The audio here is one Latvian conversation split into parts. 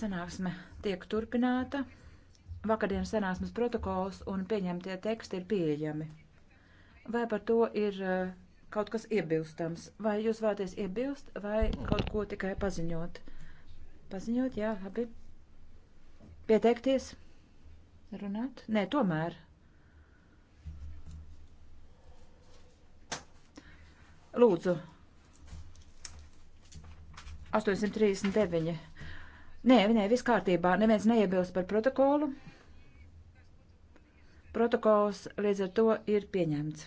Sanāksme tiek turpināta. Vakardienas sanāksmes protokols un pieņemtie teksti ir pieejami. Vai par to ir e, kaut kas iebilstams? Vai jūs vēlaties iebilst vai kaut ko tikai paziņot? Paziņot, jā, labi. Pieteikties? Runāt? Nē, tomēr. Lūdzu. 839. Nē, nē, viss kārtībā. Neviens neiebilst par protokolu. Protokols līdz ar to ir pieņemts.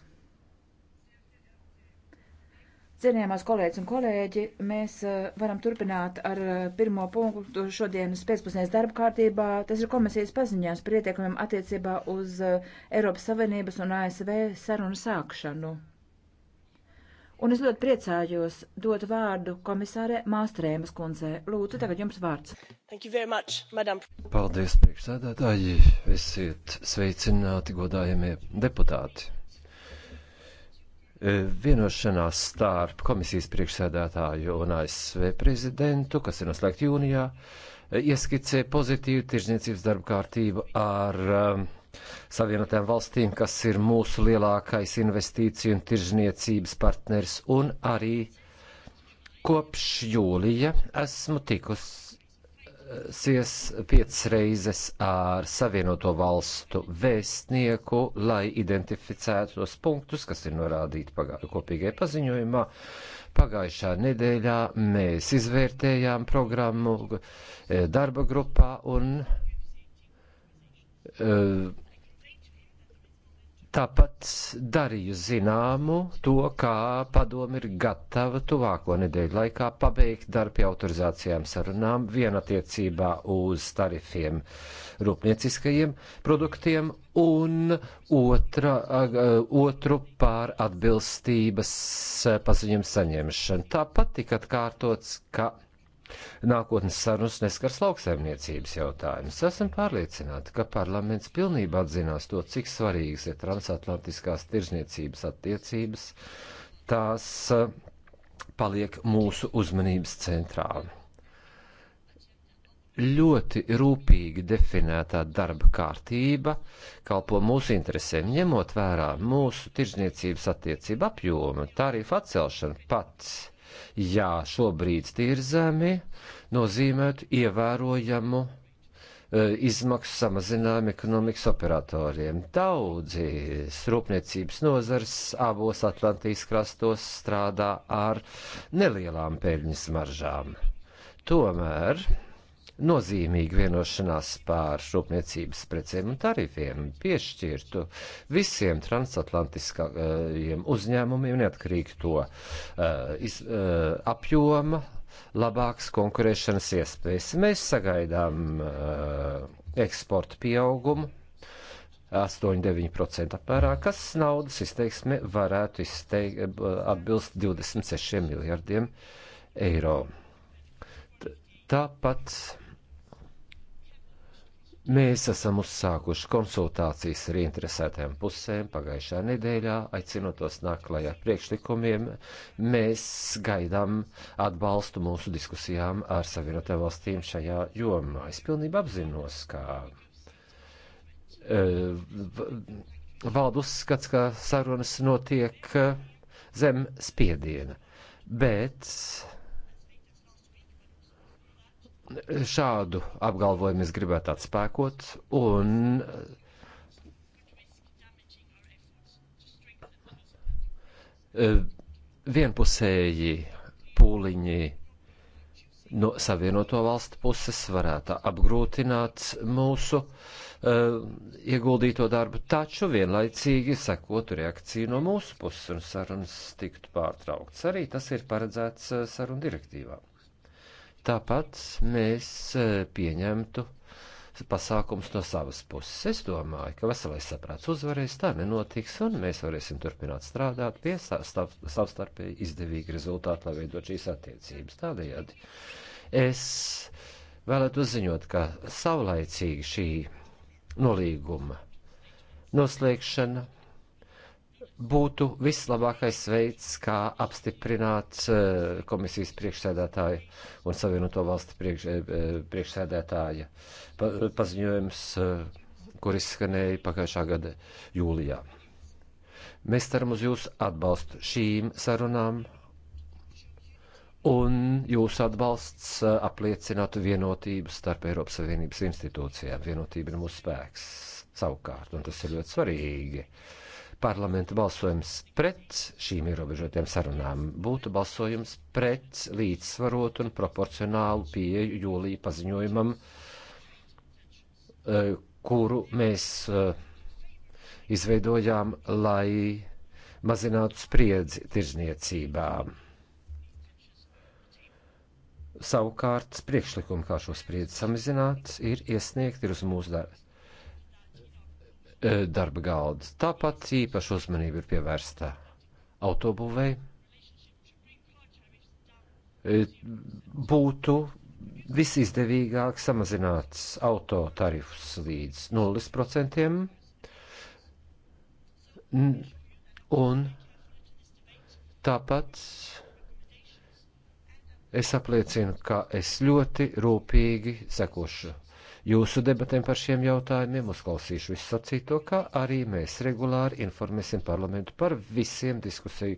Cienījamās kolēģis un kolēģi, mēs eh, varam turpināt ar eh, pirmo punktu šodienas pēcpusdienas darba kārtībā. Tas ir komisijas paziņās par ieteikumiem attiecībā uz eh, Eiropas Savienības un ASV sarunu sākšanu. Un es ļoti priecājos dot vārdu komisārē Māstrēmas kundzē. Lūdzu, tagad jums vārds. Much, madam. Paldies, priekšsēdētāji. Esiet sveicināti, godājamie deputāti eh, vienošanās starp komisijas priekšsēdētāju un ASV prezidentu, kas ir noslēgta jūnijā, eh, ieskicē pozitīvu tirzniecības darba kārtību ar um, Savienotām valstīm, kas ir mūsu lielākais investīciju un tirzniecības partners, un arī kopš jūlija esmu tikusies piecas reizes ar Savienoto valstu vēstnieku, lai identificētu tos punktus, kas ir norādīti kopīgajā paziņojumā, Pagājušā nedēļā mēs izvērtējām programmu e, darba grupā un e, Tāpat darīju zināmu to, kā padomi ir gatava tuvāko nedēļu laikā pabeigt darbu pie autorizācijām sarunām vienatiecībā uz tarifiem rūpnieciskajiem produktiem un otra, eh, otru pār atbilstības eh, paziņojumu saņemšanu. Tāpat tika atkārtots, ka nākotnes sarunas neskars lauksaimniecības jautājumus. Esam pārliecināti, ka parlaments pilnībā atzinās to, cik svarīgas ir transatlantiskās tirzniecības attiecības. Tās eh, paliek mūsu uzmanības centrā. Ļoti rūpīgi definētā darba kārtība kalpo mūsu interesēm, ņemot vērā mūsu tirzniecības attiecību apjomu, tā arī atcelšana pats jā, šobrīd tie ir zemi, nozīmētu ievērojamu e, izmaksu samazinājumu ekonomikas operatoriem. Daudzi rūpniecības nozars abos Atlantijas krastos strādā ar nelielām peļņas maržām. Tomēr nozīmīgu vienošanās pār rūpniecības precēm un tarifiem piešķirtu visiem transatlantiskajiem uzņēmumiem, neatkarīgi to uh, iz, uh, apjoma, labāks konkurēšanas iespējas. Mēs sagaidām uh, eksporta pieaugumu 8,9% apmērā, kas naudas izteiksme varētu izteik, atbilst 26 miljardiem eiro. Tāpat Mēs esam uzsākuši konsultācijas ar interesētām pusēm pagājušā nedēļā, aicinot tos nākt klajā ar priekšlikumiem. Mēs gaidām atbalstu mūsu diskusijām ar Savienotām valstīm šajā jomā. Es pilnībā apzinos, ka uh, valda uzskats, ka sarunas notiek eh, zem spiediena, bet Šādu apgalvojumu es gribētu atspēkot un e, vienpusēji pūliņi no savienoto valstu puses varētu apgrūtināt mūsu uh, ieguldīto darbu, taču vienlaicīgi sekotu reakciju no mūsu puses un sarunas tiktu pārtraukts. Arī tas ir paredzēts e, sarunu direktīvām. Tāpat mēs eh, pieņemtu pasākums no savas puses. Es domāju, ka veselais saprāts uzvarēs, tā nenotiks, un mēs varēsim turpināt strādāt pie savstarpēji izdevīga rezultāta, lai veidot šīs attiecības. Tādējādi es vēlētu uzziņot, ka savlaicīgi šī nolīguma noslēgšana būtu vislabākais veids, kā apstiprināt eh, komisijas priekšsēdētāju un Savienoto valstu priekš, eh, priekšsēdētāja paziņojums, eh, kur izskanēja pagājušā gada jūlijā. Mēs ceram uz jūsu atbalstu šīm sarunām, un jūsu atbalsts apliecinātu vienotību starp Eiropas Savienības institūcijām. Vienotība ir mūsu spēks savukārt, un tas ir ļoti svarīgi. Uh, parlamenta balsojums pret šīm ierobežotiem sarunām būtu balsojums pret līdzsvarotu un proporcionālu pieeju jūlija paziņojumam, eh, kuru mēs eh, izveidojām, lai mazinātu spriedzi tirzniecībā. Savukārt, priekšlikumi, kā šo spriedzi samazināt, ir iesniegti uz mūsu darbu E, darba galdas. Tāpat īpaši uzmanība ir pievērsta autobūvei. E, būtu visizdevīgāk samazināt auto tarifus līdz 0%. Un tāpat es apliecinu, ka es ļoti rūpīgi sekošu jūsu debatēm par šiem jautājumiem, uzklausīšu visu sacīto, kā arī mēs regulāri informēsim parlamentu par visiem diskusiju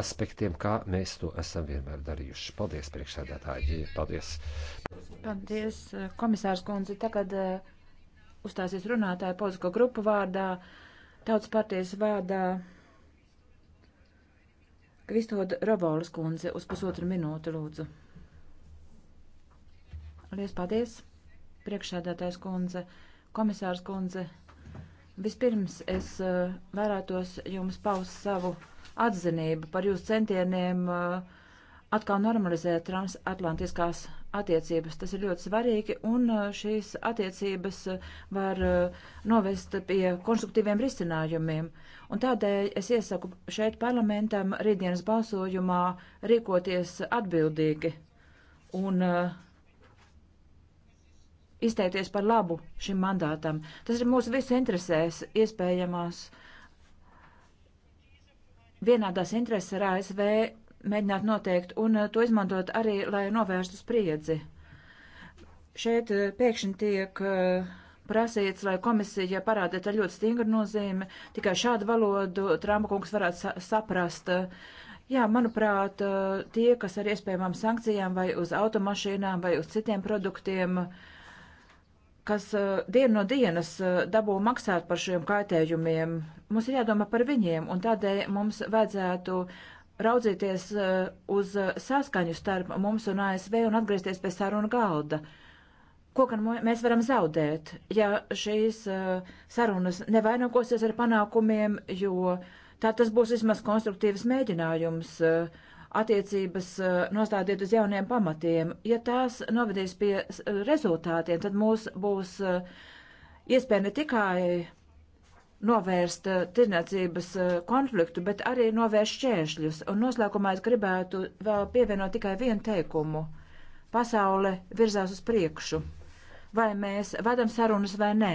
aspektiem, kā mēs to esam vienmēr darījuši. Paldies, priekšsēdētāji! Paldies! Paldies, eh, komisārs Kundze! Tagad eh, uzstāsies runātāja politisko grupu vārdā, tautas partijas vārdā. Kristoda Robolas kundze uz pusotru minūtu lūdzu. Lies paldies! priekšsēdētājs kundze, komisārs kundze. Vispirms es eh, vērētos jums paust savu atzinību par jūsu centieniem eh, atkal normalizēt transatlantiskās attiecības. Tas ir ļoti svarīgi, un eh, šīs attiecības var novest pie konstruktīviem risinājumiem. Un tādēļ es iesaku šeit parlamentam rītdienas balsojumā rīkoties atbildīgi un uh, izteikties par labu šim mandātam. Tas ir mūsu visu interesēs, iespējamās vienādās intereses ar ASV mēģināt noteikt un eh, to izmantot arī, lai novērstu spriedzi. Šeit eh, pēkšņi tiek eh, prasīts, lai komisija parādītu ar ļoti stingru nozīmi, tikai šādu valodu Trumpa kungs varētu sa saprast. Jā, manuprāt, tie, kas ar iespējamām sankcijām vai uz automašīnām vai uz citiem produktiem uh, kas uh, eh, dienu no dienas uh, dabū maksāt par šiem kaitējumiem. Mums ir jādomā par viņiem, un tādēļ mums vajadzētu raudzīties uh, uz saskaņu starp mums un ASV un atgriezties pie sarunu galda. Ko gan mēs varam zaudēt, ja šīs sarunas nevainagosies ar panākumiem, jo tā tas būs vismaz konstruktīvs mēģinājums uh, attiecības eh, nostādiet uz jauniem pamatiem. Ja tās novadīs pie eh, rezultātiem, tad mūs būs eh, iespēja ne tikai novērst tirnācības konfliktu, bet arī novērst šķēršļus. Un noslēgumā es gribētu vēl pievienot tikai vienu teikumu. Pasaule virzās uz priekšu. Vai mēs vadam sarunas vai nē?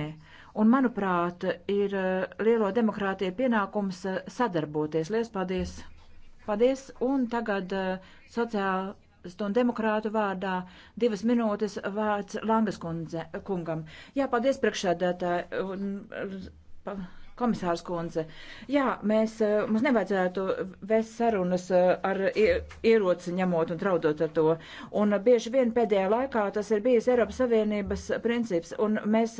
Un, manuprāt, ir lielo demokrātiju pienākums sadarboties. Lies paldies! Paldies, un tagad eh, sociāla un demokrātu vārdā divas minūtes vārds Langas kundze, kungam. Jā, paldies priekšsēdētāji. Eh, komisārs kundze, jā, mēs, eh, mums nevajadzētu vēst sarunas ar ieroci ņemot un traudot ar to. Un bieži vien pēdējā laikā tas ir bijis Eiropas Savienības princips, un mēs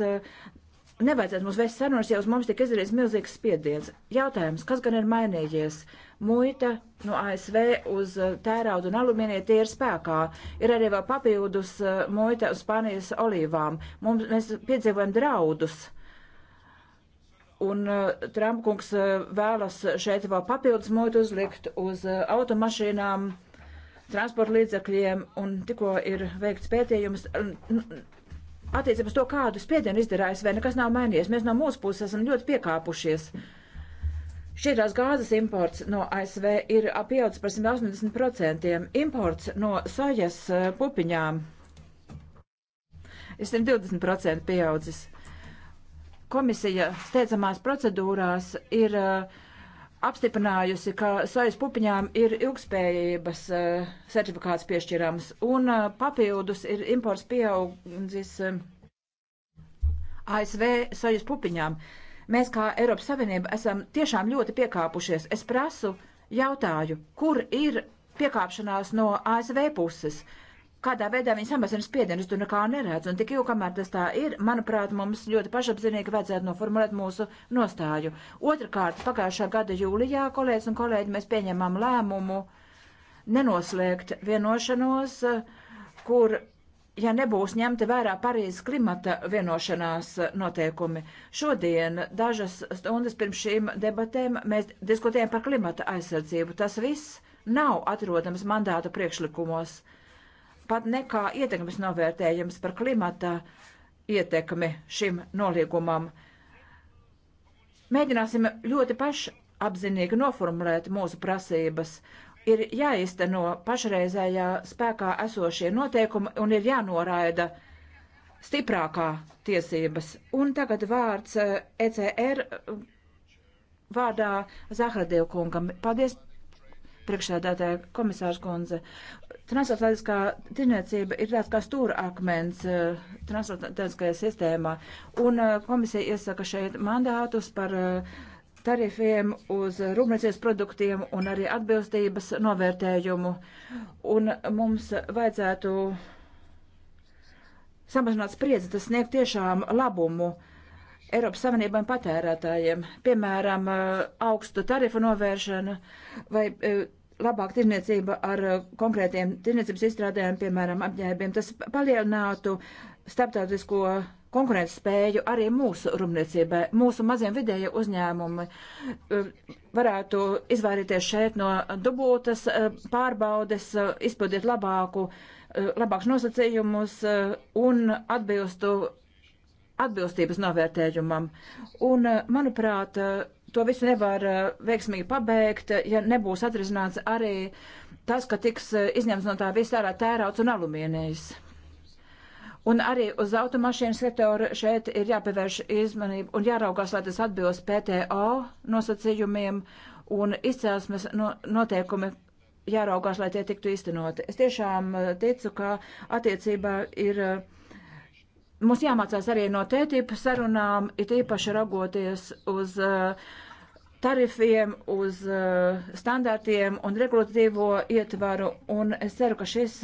nevajadzētu mums vēst sarunas, ja uz mums tik izdarīts milzīgs spiediens. Jautājums, kas gan ir mainījies? Uh, muita no ASV uz eh, tērauda un alumīnija, tie ir spēkā. Ir arī vēl papildus eh, muita uz Spānijas olīvām. Mums, mēs piedzīvojam draudus. Un uh, eh, Trumpkungs uh, vēlas šeit vēl papildus muitu uzlikt uz uh, automašīnām, transporta līdzakļiem, un tikko ir veikts pētījums. Attiecībā uz to, kādu spiedienu izdarājas, vai nekas nav mainījies. Mēs no mūsu puses esam ļoti piekāpušies. Uh, Šķidrās gāzes imports no ASV ir pieaudzis par 180%, imports no sojas eh, pupiņām ir 120% pieaudzis. Komisija steidzamās procedūrās ir eh, apstiprinājusi, ka sojas pupiņām ir ilgspējības eh, certifikāts piešķirams, un papildus ir imports pieaudzis ASV sojas pupiņām. Uh, Mēs kā Eiropas Savienība esam tiešām ļoti piekāpušies. Es prasu, jautāju, kur ir piekāpšanās no ASV puses, kādā veidā viņi samazina spiedienus, tu nekā neredz. Un tik jau, kamēr tas tā ir, manuprāt, mums ļoti pašapzinīgi vajadzētu noformulēt mūsu nostāju. Otrakārt, pagājušā gada jūlijā, kolēģis un kolēģi, mēs pieņemam lēmumu nenoslēgt vienošanos, eh, kur ja nebūs ņemta vērā Parīzes klimata vienošanās noteikumi. Šodien, dažas stundas pirms šīm debatēm, mēs diskutējam par klimata aizsardzību. Tas viss nav atrodams mandātu priekšlikumos. Pat nekā ietekmes novērtējums par klimata ietekmi šim noliegumam. Mēģināsim ļoti pašapzinīgi noformulēt mūsu prasības ir jāizteno pašreizējā spēkā esošie noteikumi un ir jānoraida stiprākā tiesības. Un tagad vārds ECR eh, e vārdā Zahradiev kungam. Paldies, priekšsēdētāja komisārs kundze. Transatlantiskā tirniecība ir tāds kā stūrakmens eh, transatlantiskajā sistēmā, un eh, komisija iesaka šeit mandātus par uh, tarifiem uz rūpniecības produktiem un arī atbilstības novērtējumu. Un mums vajadzētu samazināt spriedzi, tas sniegt tiešām labumu Eiropas Savienībām patērētājiem. Piemēram, eh, augstu tarifu novēršana vai eh, labāka tirniecība ar eh, konkrētiem tirniecības izstrādēm, piemēram, apģērbiem. Tas palielinātu starptautisko konkurētspēju arī mūsu rūpniecībai. Mūsu maziem vidēja uzņēmumi e, varētu izvairīties šeit no dubultas e, pārbaudes, e, izpildīt labāku, labākus nosacījumus un atbilstu atbilstības novērtējumam. Un, manuprāt, to visu nevar veiksmīgi pabeigt, ja nebūs atrisināts arī tas, ka tiks izņemts no tā visā tērauts un alumīnijas. Un arī uz automašīnu sektoru šeit ir jāpievērš izmanību un jāraugās, lai tas atbilst PTO nosacījumiem un izcelsmes no, noteikumi jāraugās, lai tie tiktu īstenoti. Es tiešām eh, ticu, ka attiecībā ir. Eh, mums jāmācās arī no tētīpa sarunām, it īpaši raugoties uz uh, tarifiem, uz standartiem un regulatīvo ietvaru, un es ceru, ka šis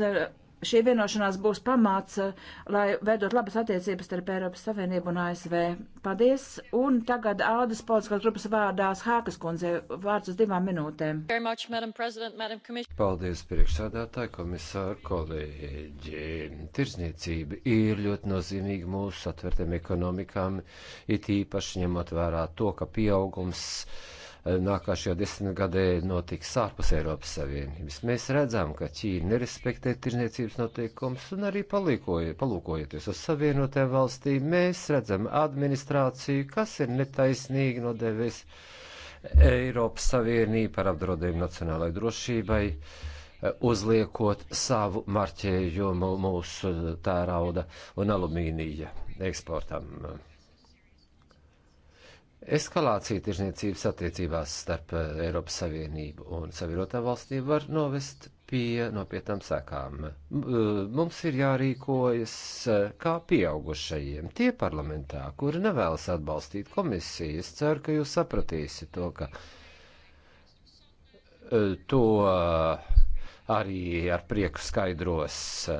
šī vienošanās būs pamāts, eh, lai veidot labas attiecības starp Eiropas Savienību un ASV. Paldies! Un tagad Aldas politiskās grupas vārdās Hākas kundze vārds uz divām minūtēm. Much, Madam Madam Paldies, priekšsādātāji, komisāri, kolēģi! Tirzniecība ir ļoti nozīmīga mūsu atvērtiem ekonomikām, it īpaši ņemot vērā to, ka pieaugums Eh, nākošajā desmitgadē notiks ārpus Eiropas Savienības. Mēs redzam, ka Ķīna nerespektē tirniecības noteikumus un arī palūkojoties uz savienotēm valstīm, mēs redzam administrāciju, kas ir netaisnīgi nodevis Eiropas Savienību par apdraudējumu nacionālajai drošībai eh, uzliekot savu marķējumu mūsu eh, tērauda un alumīnija eksportam. Eskalācija tirzniecības attiecībās starp eh, Eiropas Savienību un Savienotām valstīm var novest pie nopietnām sekām. Eh, mums ir jārīkojas eh, kā pieaugušajiem, tie parlamentā, kuri nevēlas atbalstīt komisiju. Es ceru, ka jūs sapratīsiet to, ka to arī ar prieku skaidros eh,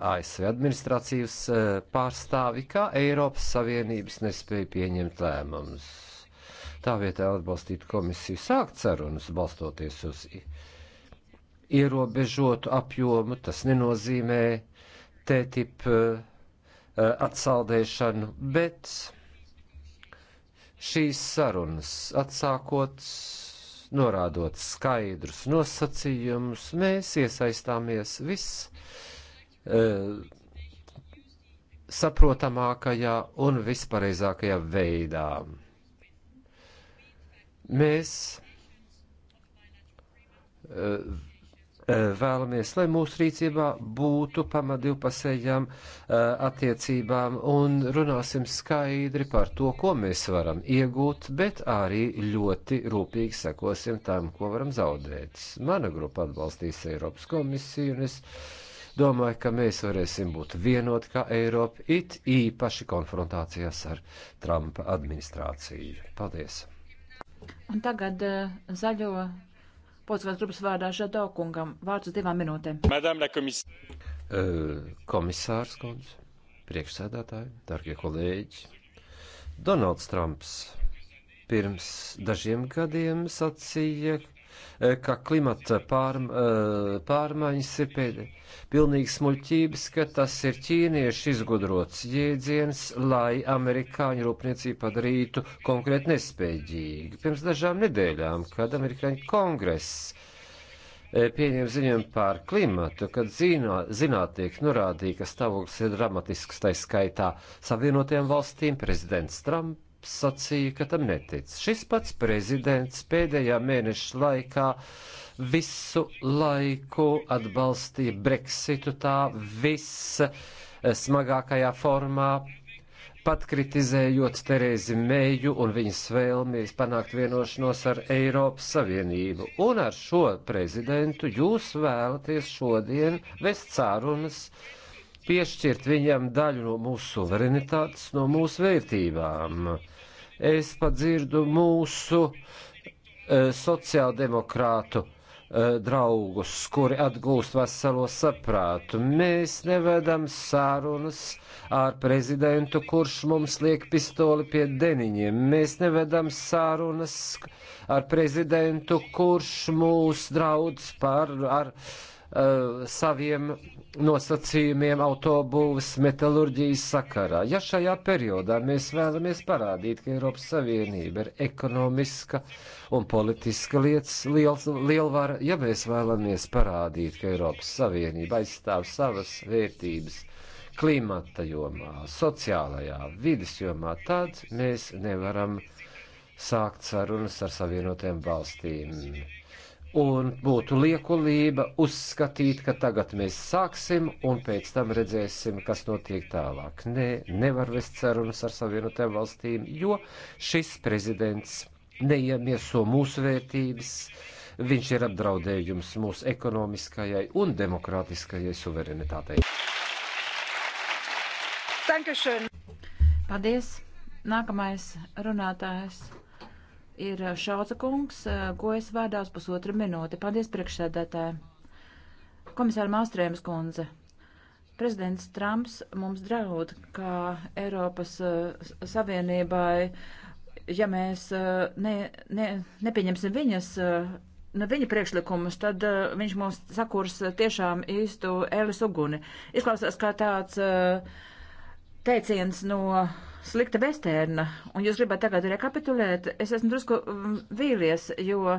ASV administratīvas eh, pārstāvi, kā Eiropas Savienības nespēja pieņemt lēmumus. Tā vietā atbalstīt komisiju sākt sarunas balstoties uz ierobežotu apjomu, tas nenozīmē TTIP eh, atsaldēšanu, bet šīs sarunas atsākots norādot skaidrus nosacījumus, mēs iesaistāmies viss e, saprotamākajā un vispareizākajā veidā. Mēs e, Eh, vēlamies, lai mūsu rīcībā būtu pamat divpasējām eh, attiecībām un runāsim skaidri par to, ko mēs varam iegūt, bet arī ļoti rūpīgi sekosim tam, ko varam zaudēt. Mana grupa atbalstīs Eiropas komisiju un es domāju, ka mēs varēsim būt vienoti kā Eiropa, it īpaši konfrontācijās ar Trumpa administrāciju. Paldies! Un tagad eh, zaļo Polskās grupas vārdā Žado kungam vārds uz divām minūtēm. Komis uh, komisārs kundze, priekšsēdētāji, darbie kolēģi. Donalds Trumps pirms dažiem gadiem sacīja, Eh, ka klimata pārm, eh, pārmaiņas ir pēdējais. Pilnīgi smuļķības, ka tas ir ķīniešu izgudrots jēdziens, lai amerikāņu rūpniecību padarītu konkrēti nespējīgi. Pirms dažām nedēļām, kad amerikāņu kongress eh, pieņēma ziņojumu par klimatu, kad zinā, zinātnieki norādīja, ka stāvoklis ir dramatisks, tā skaitā savienotajām valstīm, prezidents Trump sacīja, ka tam netic. Šis pats prezidents pēdējā mēneša laikā visu laiku atbalstīja Brexitu tā vissmagākajā formā, pat kritizējot Terēzi Mēju un viņas vēlmi panākt vienošanos ar Eiropas Savienību. Un ar šo prezidentu jūs vēlaties šodien vest cārunas, piešķirt viņam daļu no mūsu suverenitātes, no mūsu vērtībām es padzirdu mūsu e, sociāldemokrātu e, draugus, kuri atgūst veselo saprātu. Mēs nevedam sārunas ar prezidentu, kurš mums liek pistoli pie deniņiem. Mēs nevedam sārunas ar prezidentu, kurš mūs draudz par ar Eh, saviem nosacījumiem autobūves metalurģijas sakarā. Ja šajā periodā mēs vēlamies parādīt, ka Eiropas Savienība ir ekonomiska un politiska lietas liels, lielvara, ja mēs vēlamies parādīt, ka Eiropas Savienība aizstāv savas vērtības klimata jomā, sociālajā, vidas jomā, tad mēs nevaram sākt sarunas ar savienotiem valstīm Un būtu liekulība uzskatīt, ka tagad mēs sāksim un pēc tam redzēsim, kas notiek tālāk. Nē, nevar vest sarunas ar savienotēm valstīm, jo šis prezidents neiemieso mūsu vērtības, viņš ir apdraudējums mūsu ekonomiskajai un demokrātiskajai suverenitātei. Paldies! Nākamais runātājs ir eh, Šauca kungs, eh, ko es vēdās pusotra minūte. Paldies priekšsēdētē. Komisāra Māstrēmas kundze. Prezidents Trumps mums draud, ka Eiropas uh, Savienībai, ja mēs uh, ne, ne, nepieņemsim viņas, uh, ne viņa priekšlikumus, tad viņš mums sakurs tiešām īstu ēles uguni. Izklausās kā tāds teiciens no slikta vestērna, un jūs gribat tagad rekapitulēt, es esmu drusku mm, vīlies, jo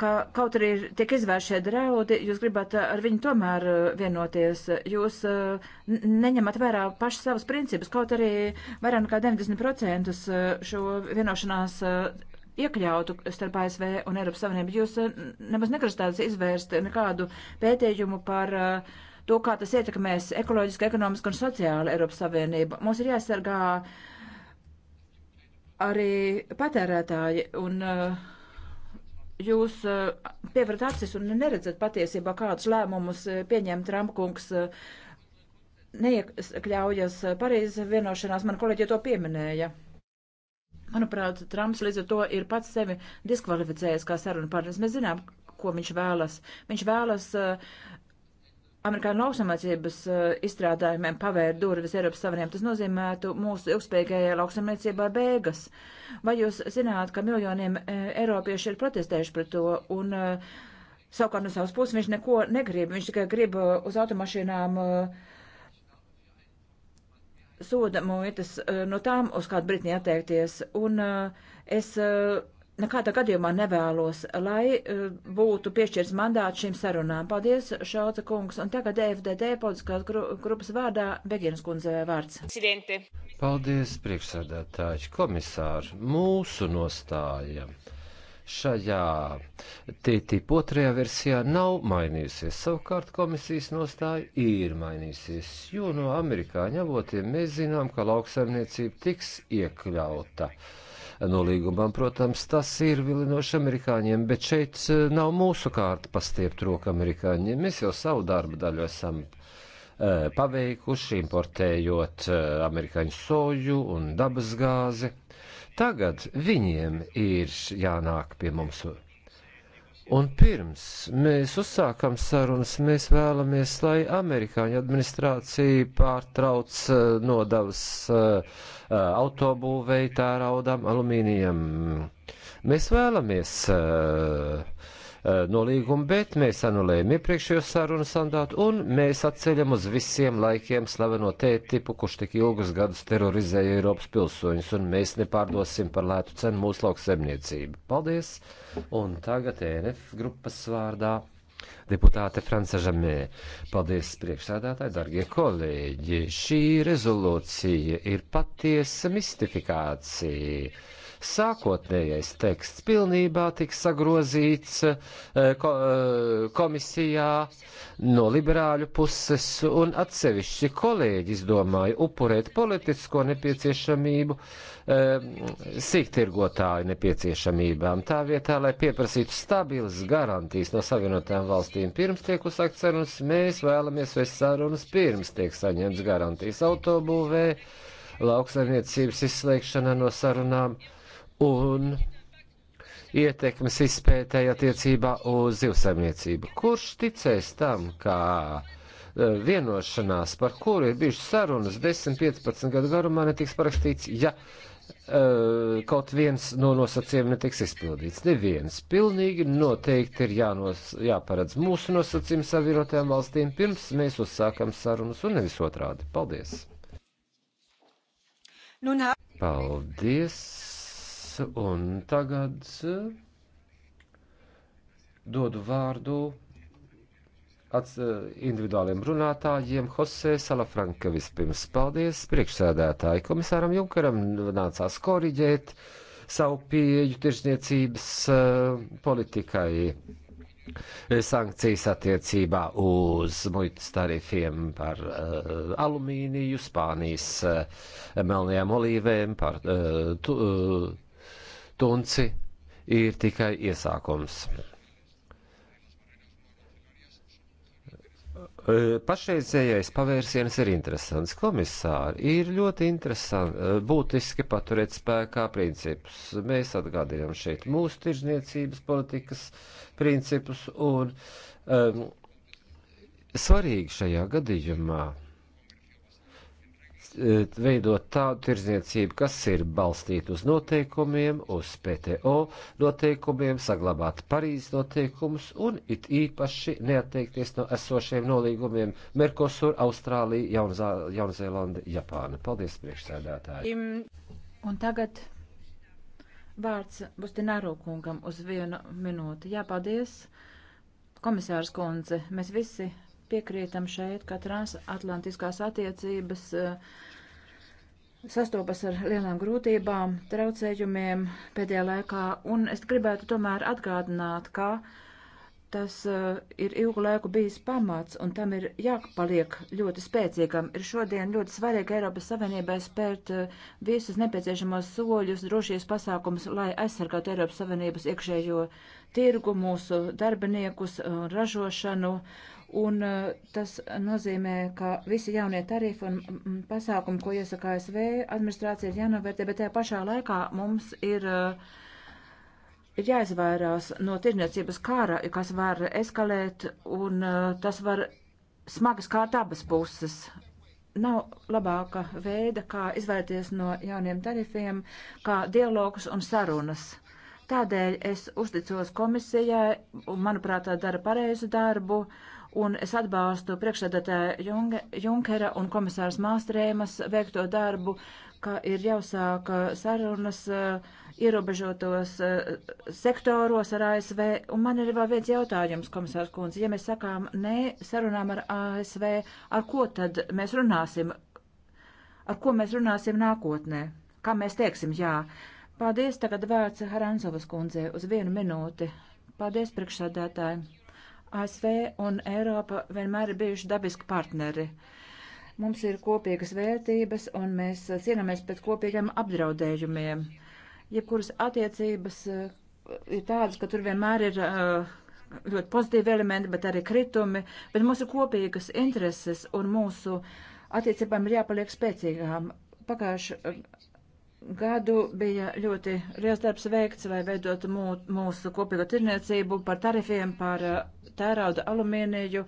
ka kaut arī tiek izvērst šie draudi, jūs gribat uh, ar viņu tomēr uh, vienoties, jūs uh, neņemat vērā paši savus principus, kaut arī vairāk nekā 90% šo vienošanās iekļautu starp ASV un Eiropas Savienību. Jūs nemaz negrastāties izvērst nekādu pētījumu par to, kā tas ietekmēs ekoloģiski, ekonomiski un sociāli Eiropas Savienību. Mums ir jāsargā uh, arī patērētāji, un uh, jūs uh, pievarat acis un neredzat patiesībā, kādus lēmumus uh, pieņem Trumpkungs. Uh, Neiekļaujas Parīzes vienošanās, man kolēģi to pieminēja. Manuprāt, Trumps līdz ar to ir pats sevi diskvalificējis kā sarunu partneris. Mēs zinām, ko viņš vēlas. Viņš vēlas uh, amerikāņu lauksamniecības eh, izstrādājumiem pavērt durvis Eiropas Savienībām, tas nozīmētu mūsu ilgspējīgajai lauksamniecībai beigas. Vai jūs zināt, ka miljoniem eh, eiropieši ir protestējuši pret to un eh, savukārt no savas puses viņš neko negrib, viņš tikai grib uz automašīnām soda muitas no tām uz kādu Britniju atteikties. Un es nekādā gadījumā nevēlos, lai eh, būtu piešķirts mandāts šīm sarunām. Paldies, Šauca kungs, un tagad e FDD politiskās gru grupas vārdā Begienas kundze vārds. Incidente. Paldies, priekšsēdētāji, komisāri, mūsu nostāja. Šajā TTIP otrajā versijā nav mainījusies, savukārt komisijas nostāja ir mainījusies, jo no amerikāņu avotiem mēs zinām, ka lauksaimniecība tiks iekļauta. Uh, nolīgumam. Protams, tas ir vilinoši amerikāņiem, bet šeit eh, nav mūsu kārta pastiept roku amerikāņiem. Mēs jau savu darbu daļu esam eh, paveikuši, importējot eh, amerikāņu soju un dabasgāzi. Tagad viņiem ir jānāk pie mums Un pirms mēs uzsākam sarunas, mēs vēlamies, lai amerikāņu administrācija pārtrauc eh, nodavas eh, autobūvei, tēraudam, alumīnijam. Mēs vēlamies uh, Eh, nolīgumu, bet mēs anulējam iepriekšējo sarunu sandātu un mēs atceļam uz visiem laikiem slaveno tētipu, kurš tik ilgus gadus terorizēja Eiropas pilsoņus, un mēs nepārdosim par lētu cenu mūsu lauksemniecību. Paldies! Un tagad ENF grupas vārdā. Deputāte Franca Žamē, paldies priekšsēdētāji, dargie kolēģi. Šī rezolūcija ir patiesa mistifikācija Sākotnējais teksts pilnībā tiks sagrozīts eh, ko, eh, komisijā no liberāļu puses, un atsevišķi kolēģi izdomāja upurēt politisko nepieciešamību eh, sīktirgotāju nepieciešamībām. Tā vietā, lai pieprasītu stabilas garantijas no savienotām valstīm pirms tiek uzsākt sarunas, mēs vēlamies vest sarunas pirms tiek saņemts garantijas autobūvē, lauksaimniecības izslēgšana no sarunām. Uh, un ietekmes izpētēji attiecībā uz zivsaimniecību. Kurš ticēs tam, ka e, vienošanās, par kuru ir bijušas sarunas 10-15 gadu garumā, netiks parakstīts, ja uh, kaut viens no nosacījumiem netiks izpildīts? Neviens. Pilnīgi noteikti ir jānos, jāparedz mūsu nosacījumi savienotajām valstīm, pirms mēs uzsākam sarunas, un nevis otrādi. Paldies! Nu, Paldies! un tagad eh, dodu vārdu ats, eh, individuāliem runātājiem Hosē Salafranka vispirms. Paldies priekšsēdētāji komisāram Junkaram nācās koriģēt savu pieeju tirsniecības uh, eh, politikai. Sankcijas attiecībā uz muitas tarifiem par uh, alumīniju, Spānijas uh, melnajām olīvēm, par uh, tu, uh, tunci ir tikai iesākums. E, pašreizējais pavērsiens ir interesants. Komisāri ir ļoti interesanti, e, būtiski paturēt spēkā principus. Mēs atgādījām šeit mūsu tirzniecības politikas principus un um, svarīgi šajā gadījumā Eh, veidot tādu tirzniecību, kas ir balstīta uz noteikumiem, uz PTO noteikumiem, saglabāt Parīzes noteikumus un it īpaši neatteikties no esošiem nolīgumiem Merkosur, Austrālija, Jaunzā, Jaunzēlanda, Japāna. Paldies, priekšsēdētāji! Un tagad vārds būs Dināro kungam uz vienu minūti. Jā, paldies, komisārs kundze. Mēs visi piekrietam šeit, ka transatlantiskās attiecības eh, sastopas ar lielām grūtībām, traucējumiem pēdējā laikā, un es gribētu tomēr atgādināt, ka tas eh, ir ilgu laiku bijis pamats, un tam ir jāpaliek ļoti spēcīgam. Ir šodien ļoti svarīgi Eiropas Savienībai spērt eh, visus nepieciešamos soļus, drošības pasākumus, lai aizsargātu Eiropas Savienības iekšējo tirgu, mūsu darbiniekus, ražošanu Un eh, tas nozīmē, ka visi jaunie tarifi un mm, mm, pasākumi, ko iesaka ASV, administrācija ir jānovērtē, bet tajā pašā laikā mums ir uh, ir jāizvairās no tirniecības kara, kas var eskalēt, un uh, tas var smagi skārt abas puses. Nav labāka veida, kā izvairīties no jauniem tarifiem, kā dialogs un sarunas. Tādēļ es uzticos komisijai, un, manuprāt, tā dara pareizu darbu. Uh, un es atbalstu priekšsēdētāja Jung, Junkera un komisārs Māstrēmas veikto darbu, ka ir jāsāk uh, sarunas uh, ierobežotos uh, sektoros ar ASV. Un man ir vēl viens jautājums, komisārs Kunze. Ja mēs sakām nē sarunām ar ASV, ar ko tad mēs runāsim? Ar ko mēs runāsim nākotnē? Kā mēs teiksim jā? Paldies, tagad vārds Haranzovas kundzei uz vienu minūti. Paldies, priekšsādātāji! ASV un Eiropa vienmēr ir bijuši dabiski partneri. Mums ir kopīgas vērtības, un mēs cīnāmies pēc kopīgiem apdraudējumiem. Jebkuras attiecības eh, ir tādas, ka tur vienmēr ir eh, ļoti pozitīvi elementi, bet arī kritumi, bet mums ir kopīgas intereses, un mūsu attiecībām ir jāpaliek spēcīgām. Pagājuši eh, gadu bija ļoti liels darbs veikts, lai veidotu mūsu kopīgo tirniecību par tarifiem, par uh, tērauda alumīniju.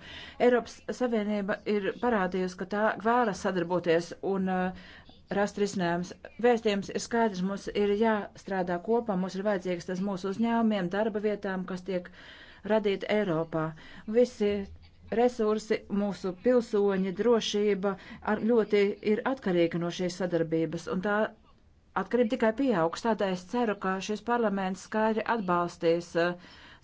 Eiropas Savienība ir parādījusi, ka tā vēlas sadarboties un uh, rast risinājums. Vēstījums ir skaidrs, mums ir jāstrādā kopā, mums ir vajadzīgs tas mūsu uzņēmumiem, darba vietām, kas tiek radīti Eiropā. Visi resursi, mūsu pilsoņi, drošība ar, ļoti ir atkarīga no šīs sadarbības, un tā atkarība tikai pieaugs. Tādēļ es ceru, ka šis parlaments skaidri atbalstīs uh,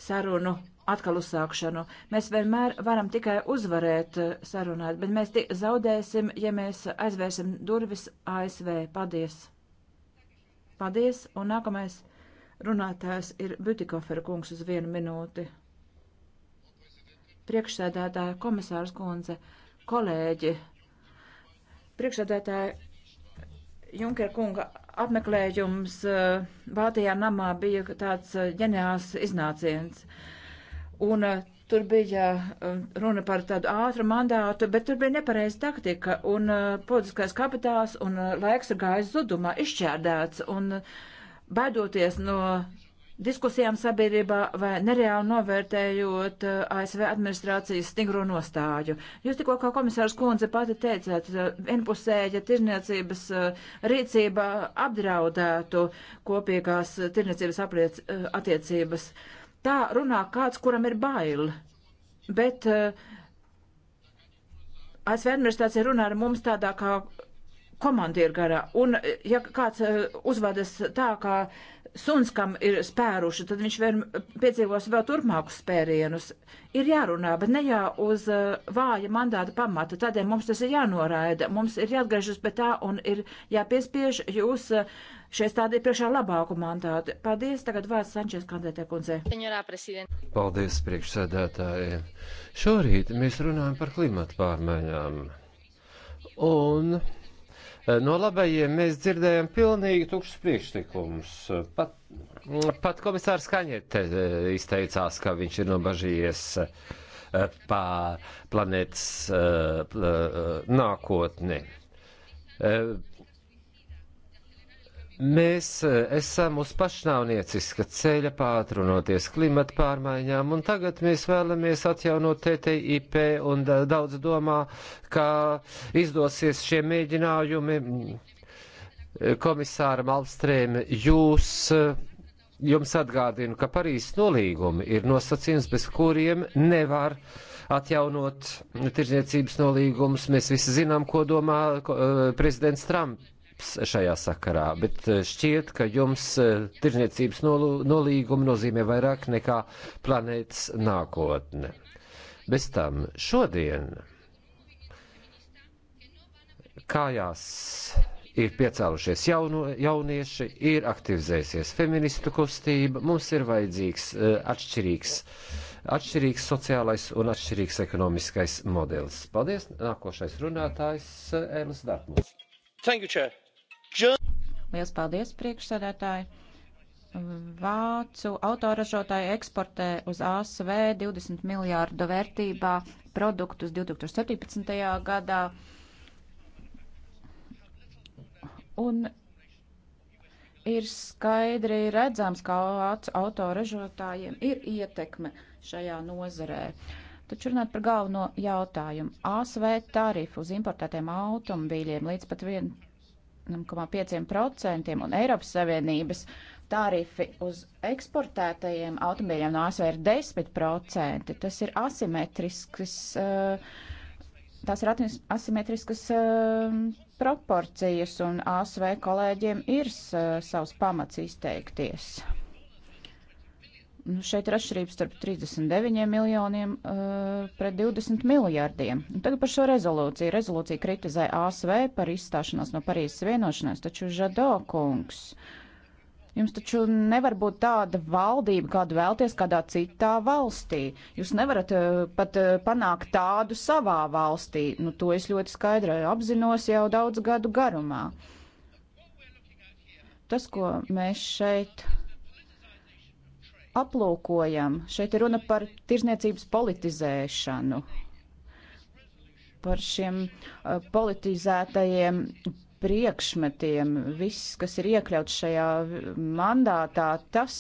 sarunu atkal uzsākšanu. Mēs vienmēr varam tikai uzvarēt uh, sarunāt, bet mēs zaudēsim, ja mēs aizvērsim durvis ASV. Paldies! Paldies! Un nākamais runātājs ir Butikofera kungs uz vienu minūti. Priekšsēdētāja komisārs kundze, kolēģi, priekšsēdētāja Junkera kunga apmeklējums eh, Vācijā namā bija tāds eh, ģeniāls iznāciens. Un eh, tur bija runa par tādu ātru mandātu, bet tur bija nepareiza taktika, un politiskais kapitāls un laiks ir gājis zudumā, izšķērdēts, un baidoties no diskusijām sabiedrībā vai nereāli novērtējot eh, ASV administrācijas stingro nostāju. Jūs tikko kā komisārs Kunze pati teicāt, eh, vienpusēja tirniecības eh, rīcība apdraudētu kopīgās tirniecības apliec, attiecības. Tā runā kāds, kuram ir bail, bet ASV administrācija runā ar mums tādā kā komandiergarā, un ja kāds uzvedas tā, kā suns, kam ir spēruši, tad viņš vēl piedzīvos vēl turpmākus spērienus. Ir jārunā, bet ne jau uz uh, vāja mandāta pamata. Tādēļ mums tas ir jānoraida. Mums ir jāatgriežas pie tā un ir jāpiespiež jūs uh, šeit stādīt priekšā labāku mandātu. Paldies, tagad vārds Sančies kandētē kundzē. Paldies, priekšsēdētāji. Šorīt mēs runājam par klimatu pārmaiņām. Un Eh, no labajiem mēs dzirdējam pilnīgi tukšus priekšlikumus. Eh, pat, pat komisārs Kaņete eh, izteicās, ka viņš ir nobažījies pār planētas nākotni. Mēs eh, esam uz pašnāvnieciska ceļa pātrunoties klimata pārmaiņām, un tagad mēs vēlamies atjaunot TTIP, un daudz domā, ka izdosies šie mēģinājumi. Komisāra Malmstrēm, jūs eh, jums atgādinu, ka Parīzes nolīgumi ir nosacījums, bez kuriem nevar atjaunot tirzniecības nolīgumus. Mēs visi zinām, ko domā eh, prezidents Trumps darbs šajā sakarā, bet eh, šķiet, ka jums eh, tirzniecības nolīgumi nozīmē vairāk nekā planētas nākotne. Bez tam šodien kājās ir piecēlušies jauno, jaunieši, ir aktivizējusies feministu kustība, mums ir vajadzīgs uh, atšķirīgs, atšķirīgs sociālais un atšķirīgs ekonomiskais modelis. Paldies! Nākošais runātājs Ēlis Dārtmūs. Thank you, Chair. Liels paldies, priekšsēdētāji! Vācu autoražotāji eksportē uz ASV 20 miljārdu vērtībā produktus 2017. gadā. Un ir skaidri redzams, ka autoražotājiem ir ietekme šajā nozarē. Taču runāt par galveno jautājumu. ASV tarifu uz importētiem automobīļiem līdz pat vien 0,5% un Eiropas Savienības tarifi uz eksportētajiem automobīļiem no ASV ir 10%. Tas ir asimetrisks, eh, tas ir asimetriskas eh, proporcijas, un ASV kolēģiem ir eh, savs pamats izteikties. Nu, šeit ir atšķirības starp 39 miljoniem uh, pret 20 miljārdiem. Un tagad par šo rezolūciju. Rezolūcija kritizē ASV par izstāšanos no Parīzes vienošanās, taču Žado kungs. Jums taču nevar būt tāda valdība, kādu vēlties kādā citā valstī. Jūs nevarat uh, pat uh, panākt tādu savā valstī. Nu, to es ļoti skaidri apzinos jau daudz gadu garumā. Tas, ko mēs šeit aplūkojam, šeit ir runa par tirzniecības politizēšanu, par šiem politizētajiem priekšmetiem. Viss, kas ir iekļauts šajā mandātā, tas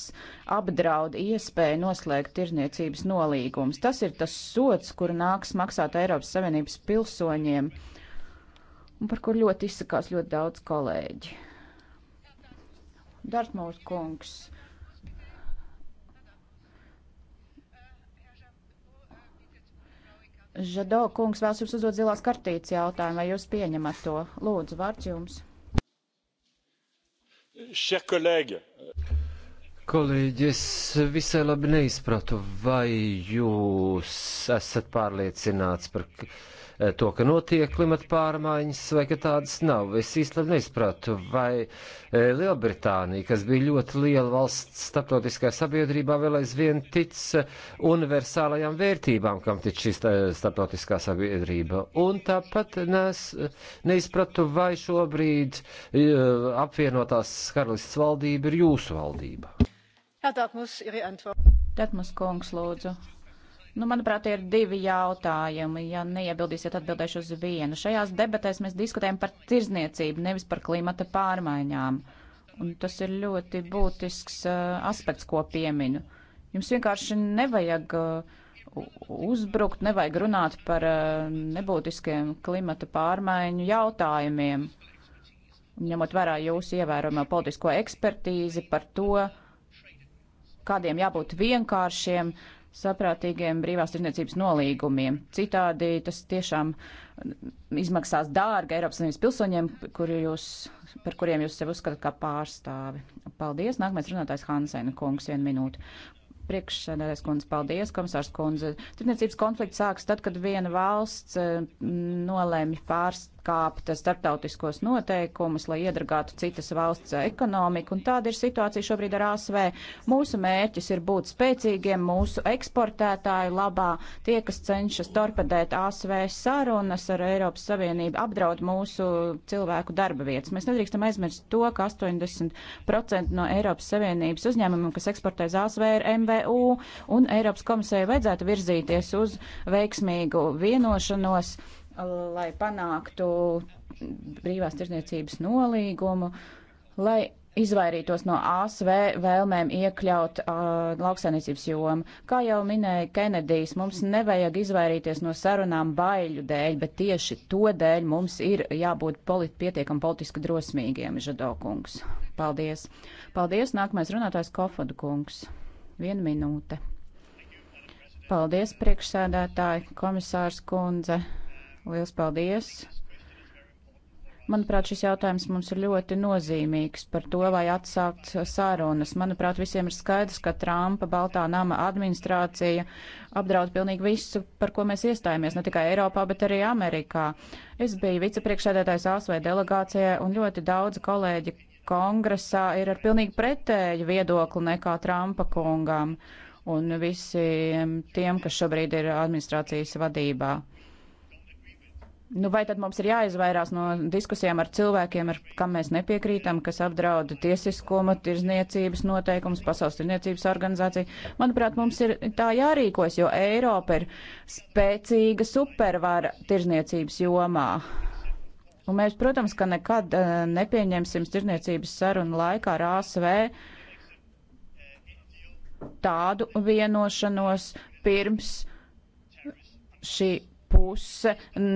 apdraud iespēju noslēgt tirzniecības nolīgumus. Tas ir tas sots, kuru nāks maksāt Eiropas Savienības pilsoņiem un par kur ļoti izsakās ļoti daudz kolēģi. Dartmūrs kungs Žado kungs vēlas jums uzdot zilās kartītes jautājumu, vai jūs pieņemat to? Lūdzu, vārds jums. Kolēģi, es visai labi neizpratu, vai jūs esat pārliecināts par Eh, to, ka notiek klimata pārmaiņas, vai ka tādas nav. Es īstenībā neizpratu, vai eh, Lielbritānija, kas bija ļoti liela valsts starptautiskajā sabiedrībā, vēl aizvien tic eh, universālajām vērtībām, kam tic šī starptautiskā sabiedrība. Un tāpat nes, neizpratu, vai šobrīd apvienotās karalists valdība ir jūsu valdība. Jā, Dārgmus, ir atbilde. Dārgmus, kungs, lūdzu. Nu, manuprāt, ir divi jautājumi. Ja neiebildīsiet, atbildēšu uz vienu. Šajās debatēs mēs diskutējam par tirzniecību, nevis par klimata pārmaiņām. Un tas ir ļoti būtisks uh, aspekts, ko pieminu. Jums vienkārši nevajag uh, uzbrukt, nevajag runāt par uh, nebūtiskiem klimata pārmaiņu jautājumiem, ņemot vērā jūsu ievērojamo politisko ekspertīzi par to, kādiem jābūt vienkāršiem. Uh, saprātīgiem brīvās tirdzniecības nolīgumiem. Citādi tas tiešām izmaksās dārgi Eiropas Savienības pilsoņiem, kur jūs, par kuriem jūs sev uzskatāt kā pārstāvi. Paldies. Nākamais runātājs Hansena kungs, vienu minūtu. Priekšsēdētājs kundze, paldies, komisārs kundze. Tirdzniecības konflikts sāks tad, kad viena valsts eh, nolēmj pārstāvēt pārkāpta starptautiskos noteikumus, lai iedragātu citas valsts ekonomiku, un tāda ir situācija šobrīd ar ASV. Mūsu mērķis ir būt spēcīgiem mūsu eksportētāju labā. Tie, kas cenšas torpedēt ASV sarunas ar Eiropas Savienību, apdraud mūsu cilvēku darba vietas. Mēs nedrīkstam aizmirst to, ka 80% no Eiropas Savienības uzņēmumiem, kas eksportē uz ASV, ir MVU, un Eiropas komisija vajadzētu virzīties uz veiksmīgu vienošanos lai panāktu brīvās tirzniecības nolīgumu, lai izvairītos no ASV vēlmēm iekļaut uh, lauksainiecības jomu. Kā jau minēja Kenedijs, mums nevajag izvairīties no sarunām baiļu dēļ, bet tieši to dēļ mums ir jābūt polit pietiekam politiski drosmīgiem, Žadokungs. Paldies. Paldies. Nākamais runātājs Kofodu kungs. Viena minūte. Paldies, priekšsēdētāji, komisārs kundze, Liels paldies! Manuprāt, šis jautājums mums ir ļoti nozīmīgs par to, lai atsākt sārunas. Manuprāt, visiem ir skaidrs, ka Trumpa Baltā nama administrācija apdraud pilnīgi visu, par ko mēs iestājāmies, ne tikai Eiropā, bet arī Amerikā. Es biju vicepriekšēdētājs ASV delegācijai un ļoti daudzi kolēģi kongresā ir ar pilnīgi pretēju viedokli nekā Trumpa kungam un visiem tiem, kas šobrīd ir administrācijas vadībā. Nu, vai tad mums ir jāizvairās no diskusijām ar cilvēkiem, ar kam mēs nepiekrītam, kas apdrauda tiesiskuma, tirzniecības noteikums, pasaules tirzniecības organizāciju? Manuprāt, mums ir tā jārīkojas, jo Eiropa ir spēcīga supervara tirzniecības jomā. Un mēs, protams, ka nekad uh, nepieņemsim tirzniecības sarunu laikā ar ASV tādu vienošanos pirms šī puse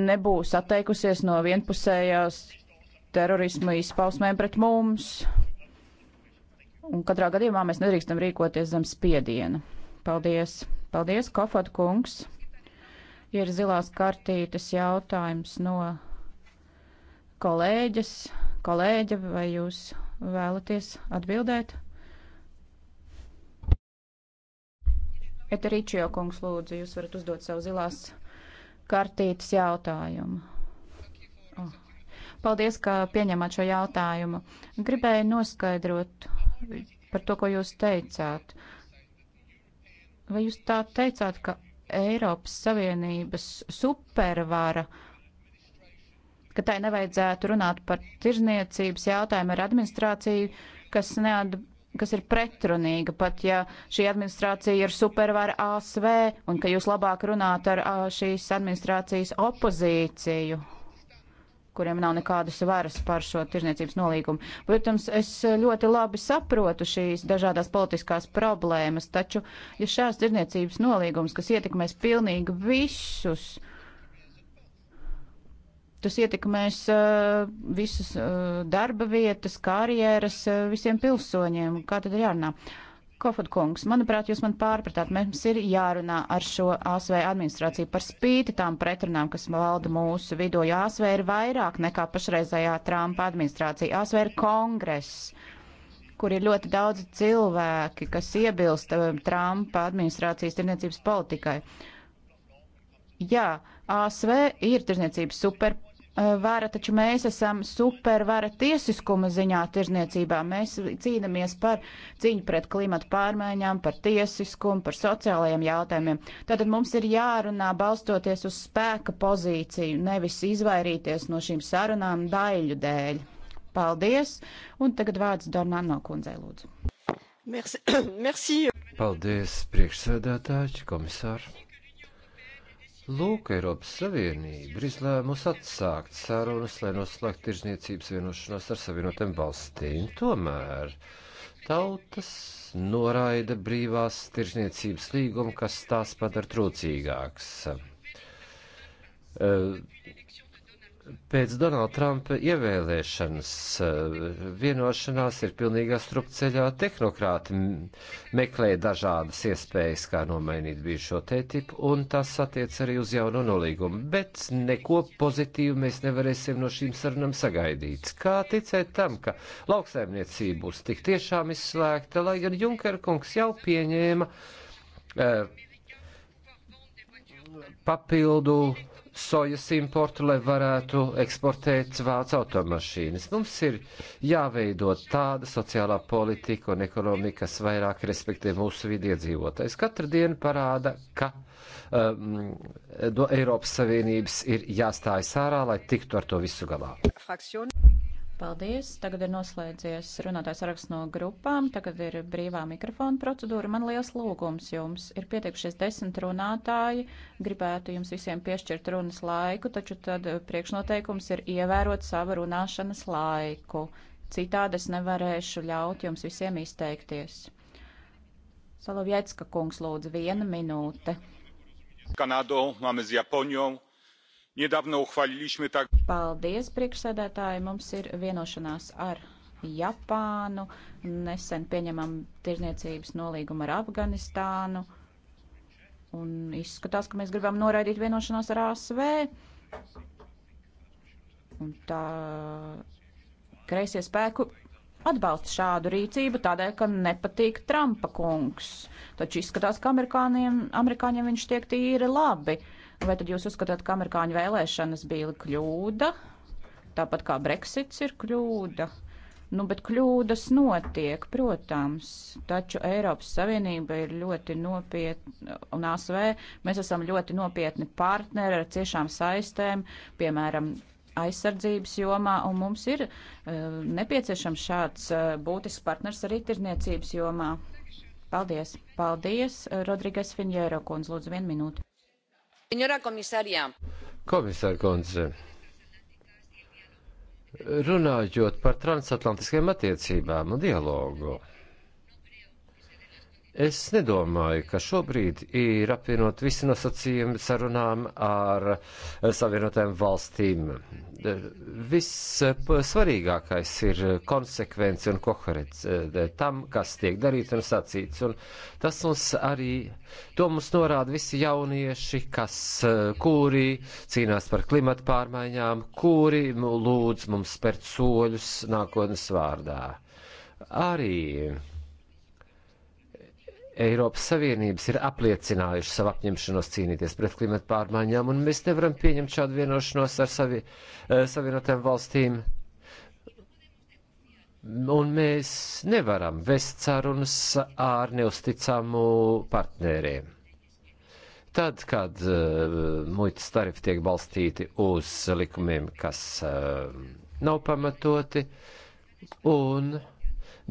nebūs atteikusies no vienpusējās terorisma izpausmēm pret mums. Un katrā gadījumā mēs nedrīkstam rīkoties zem spiediena. Paldies! Paldies, Kofot kungs! Ir zilās kartītes jautājums no kolēģis, kolēģa, vai jūs vēlaties atbildēt? Eterīčio kungs, lūdzu, jūs varat uzdot savu zilās kartītas jautājumu. Oh. Paldies, ka pieņemat šo jautājumu. Gribēju noskaidrot par to, ko jūs teicāt. Vai jūs tā teicāt, ka Eiropas Savienības supervara, ka tai nevajadzētu runāt par tirzniecības jautājumu ar administrāciju, kas neat, kas ir pretrunīga, pat ja šī administrācija ir supervara ASV un ka jūs labāk runāt ar šīs administrācijas opozīciju kuriem nav nekādas varas par šo tirzniecības nolīgumu. Protams, es ļoti labi saprotu šīs dažādās politiskās problēmas, taču, ja šās tirzniecības nolīgums, kas ietekmēs pilnīgi visus uh, Tas ietekmēs uh, visas uh, darba vietas, karjeras uh, visiem pilsoņiem. Kā tad ir jārunā? Kofod kungs, manuprāt, jūs man pārpratāt, mums ir jārunā ar šo ASV administrāciju par spīti tām pretrunām, kas valda mūsu vidū, jo ASV ir vairāk nekā pašreizējā Trumpa administrācija. ASV ir kongress, kur ir ļoti daudz cilvēki, kas iebilst Trumpa administrācijas tirniecības politikai. Jā, ASV ir tirzniecības super Eh, vara, taču mēs esam supervara tiesiskuma ziņā tirzniecībā. Mēs cīnāmies par cīņu pret klimatu pārmaiņām, par tiesiskumu, par sociālajiem jautājumiem. Tātad mums ir jārunā balstoties uz spēka pozīciju, nevis izvairīties no šīm sarunām daļu dēļ. Paldies! Un tagad vārds Dornano kundzei lūdzu. Merci. Merci. Paldies, priekšsēdētāji, komisāri. Lūk, Eiropas Savienība ir izlēmusi atsākt sarunas, lai noslēgtu tirzniecības vienošanos ar savienotiem valstīm. Tomēr tautas noraida brīvās tirzniecības līgumu, kas tās padara trūcīgāks. Uh, eh, pēc Donalda Trumpa ievēlēšanas eh, vienošanās ir pilnīgā strupceļā. Tehnokrāti meklē dažādas iespējas, kā nomainīt bijušo tētipu, un tas attiec arī uz jauno nolīgumu. Bet neko pozitīvu mēs nevarēsim no šīm sarunām sagaidīt. Kā ticēt tam, ka lauksaimniecība būs tik tiešām izslēgta, lai gan Junkerkungs jau pieņēma eh, papildu sojas importu, lai varētu eksportēt vācu automašīnas. Mums ir jāveido tāda sociālā politika un ekonomika, kas vairāk respektē mūsu vidi iedzīvotājs. Katra diena parāda, ka um, no Eiropas Savienības ir jāstājas ārā, lai tiktu ar to visu galā. Fraktion. Paldies. Tagad ir noslēdzies runātājs saraksts no grupām. Tagad ir brīvā mikrofona procedūra. Man liels lūgums jums. Ir pietiekušies desmit runātāji. Gribētu jums visiem piešķirt runas laiku, taču tad priekšnoteikums ir ievērot savu runāšanas laiku. Citādi es nevarēšu ļaut jums visiem izteikties. Salovjetska kungs lūdzu viena minūte. Kanādu, mēs Japāņu. Paldies, priekšsēdētāji. Mums ir vienošanās ar Japānu, nesen pieņemam tirzniecības nolīgumu ar Afganistānu. Un izskatās, ka mēs gribam noraidīt vienošanos ar ASV. Un tā kreisie spēku atbalsta šādu rīcību tādēļ, ka nepatīk Trumpa kungs. Taču izskatās, ka amerikāņiem viņš tiek tīri labi. Uh, Vai tad jūs uzskatāt, ka amerikāņu vēlēšanas bija kļūda, tāpat kā Brexits ir kļūda? Nu, bet kļūdas notiek, protams, taču Eiropas Savienība ir ļoti nopietna, un ASV mēs esam ļoti nopietni partneri ar ciešām saistēm, piemēram, aizsardzības jomā, un mums ir uh, nepieciešams šāds uh, būtisks partners arī tirzniecības jomā. Paldies! Paldies, Rodrīgas Finjēro kundze, lūdzu, vienu minūti. Senjora komisārijā. Komisāra kundze. Runājot par transatlantiskajām attiecībām un dialogu. Es nedomāju, ka šobrīd ir apvienot visi nosacījumi sarunām ar savienotēm valstīm. Viss svarīgākais ir konsekvence un koherence eh, tam, kas tiek darīts un sacīts. Un tas mums arī, to mums norāda visi jaunieši, kas, eh, kuri cīnās par klimatu pārmaiņām, kuri lūdz mums spērt soļus nākotnes vārdā. Arī Eiropas Savienības ir apliecinājuši savu apņemšanos cīnīties pret klimatu pārmaiņām, un mēs nevaram pieņemt šādu vienošanos ar savi, eh, savienotām valstīm. Un mēs nevaram vest sarunas ar neusticamu partneriem. Tad, kad uh, muitas tarifi tiek balstīti uz likumiem, kas uh, nav pamatoti, un uh,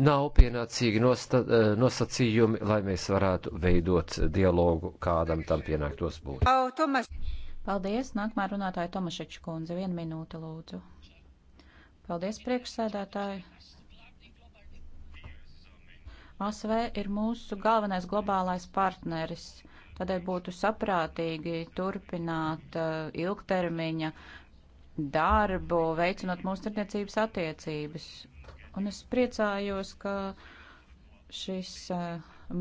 nav pienācīgi nosta, e, nosacījumi, lai mēs varētu veidot dialogu, kādam tam pienāktos būt. Paldies! Nākamā runātāja Tomašeča kundze, viena minūte lūdzu. Paldies, priekšsēdētāji! ASV ir mūsu galvenais globālais partneris. Tādēļ būtu saprātīgi turpināt uh, ilgtermiņa darbu, veicinot mūsu tirdzniecības attiecības. Un es priecājos, ka šis eh,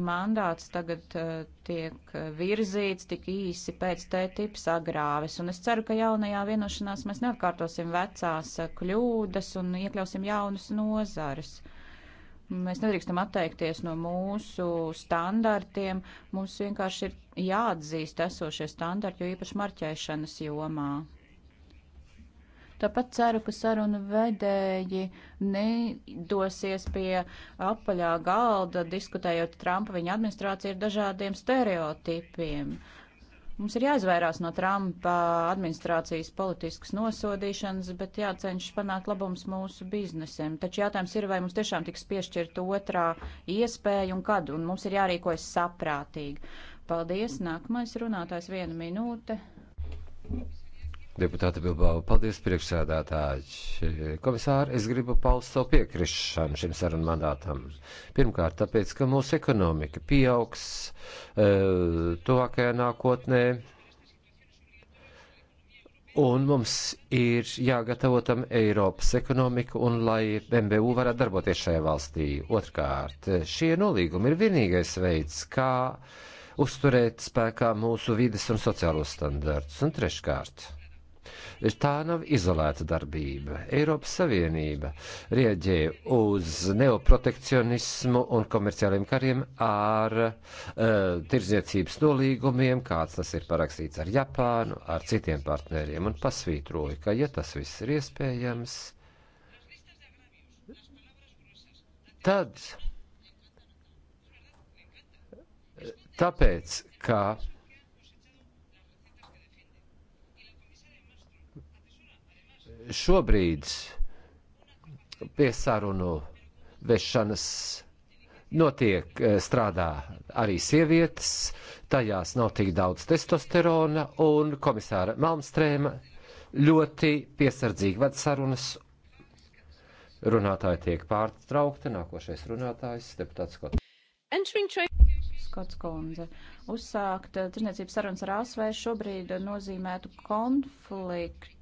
mandāts tagad eh, tiek eh, virzīts tik īsi pēc tētips agrāves. Un es ceru, ka jaunajā vienošanās mēs neatkārtosim vecās kļūdas un iekļausim jaunas nozares. Mēs nedrīkstam atteikties no mūsu standartiem. Mums vienkārši ir jāatzīst esošie standarti, jo īpaši marķēšanas jomā. Tāpat ceru, ka sarunu vedēji nedosies pie apaļā galda, diskutējot Trumpa viņa administrāciju ar dažādiem stereotipiem. Mums ir jāizvairās no Trumpa administrācijas politiskas nosodīšanas, bet jācenšas panākt labums mūsu biznesiem. Taču jautājums ir, vai mums tiešām tiks piešķirta otrā iespēja un kad, un mums ir jārīkojas saprātīgi. Paldies, nākamais runātājs viena minūte. Thanks. Deputāte Bilbao, paldies priekšsēdētāji. Komisāri, es gribu paust savu piekrišanu šim sarunu mandātam. Pirmkārt, tāpēc, ka mūsu ekonomika pieaugs uh, tuvākajā nākotnē, un mums ir jāgatavo tam Eiropas ekonomiku, un lai MBU varētu darboties šajā valstī. Otrkārt, šie nolīgumi ir vienīgais veids, kā uzturēt spēkā mūsu vides un sociālos standartus. Un treškārt Tā nav izolēta darbība. Eiropas Savienība rieģē uz neoprotekcionismu un komerciāliem kariem ar uh, eh, tirdzniecības nolīgumiem, kāds tas ir parakstīts ar Japānu, ar citiem partneriem, un pasvītroja, ka, ja tas viss ir iespējams, tad eh, tāpēc, ka šobrīd piesārunu vešanas notiek, e, strādā arī sievietes, tajās nav tik daudz testosterona, un komisāra Malmstrēma ļoti piesardzīgi ved sarunas. Runātāji tiek pārtraukti, nākošais runātājs, deputāts Skots. Skots kundze. Uzsākt e, tirniecības sarunas ar ASV šobrīd nozīmētu konfliktu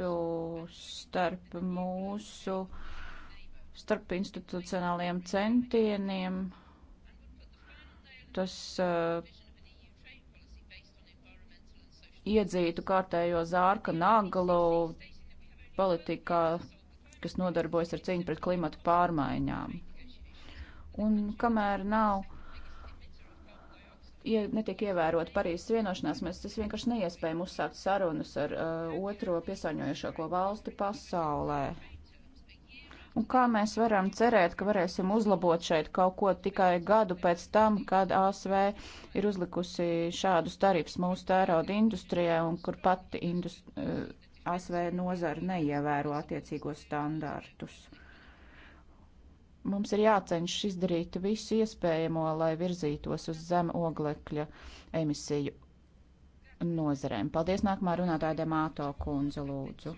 kontaktu starp mūsu starp institucionāliem centieniem. Tas uh, iedzītu kārtējo zārka nagalu politikā, kas nodarbojas ar cīņu pret klimatu pārmaiņām. Un kamēr nav ja netiek ievērot Parīzes vienošanās, mēs tas vienkārši neiespējam uzsākt sarunas ar uh, otro piesārņojušāko valsti pasaulē. Un kā mēs varam cerēt, ka varēsim uzlabot šeit kaut ko tikai gadu pēc tam, kad ASV ir uzlikusi šādus tarifus mūsu tērauda industrijai un kur pati indust uh, ASV nozara neievēro attiecīgos standartus? Mums ir jācenšas izdarīt visu iespējamo, lai virzītos uz zem oglekļa emisiju nozarēm. Paldies nākamā runātāja Demāto kundze lūdzu.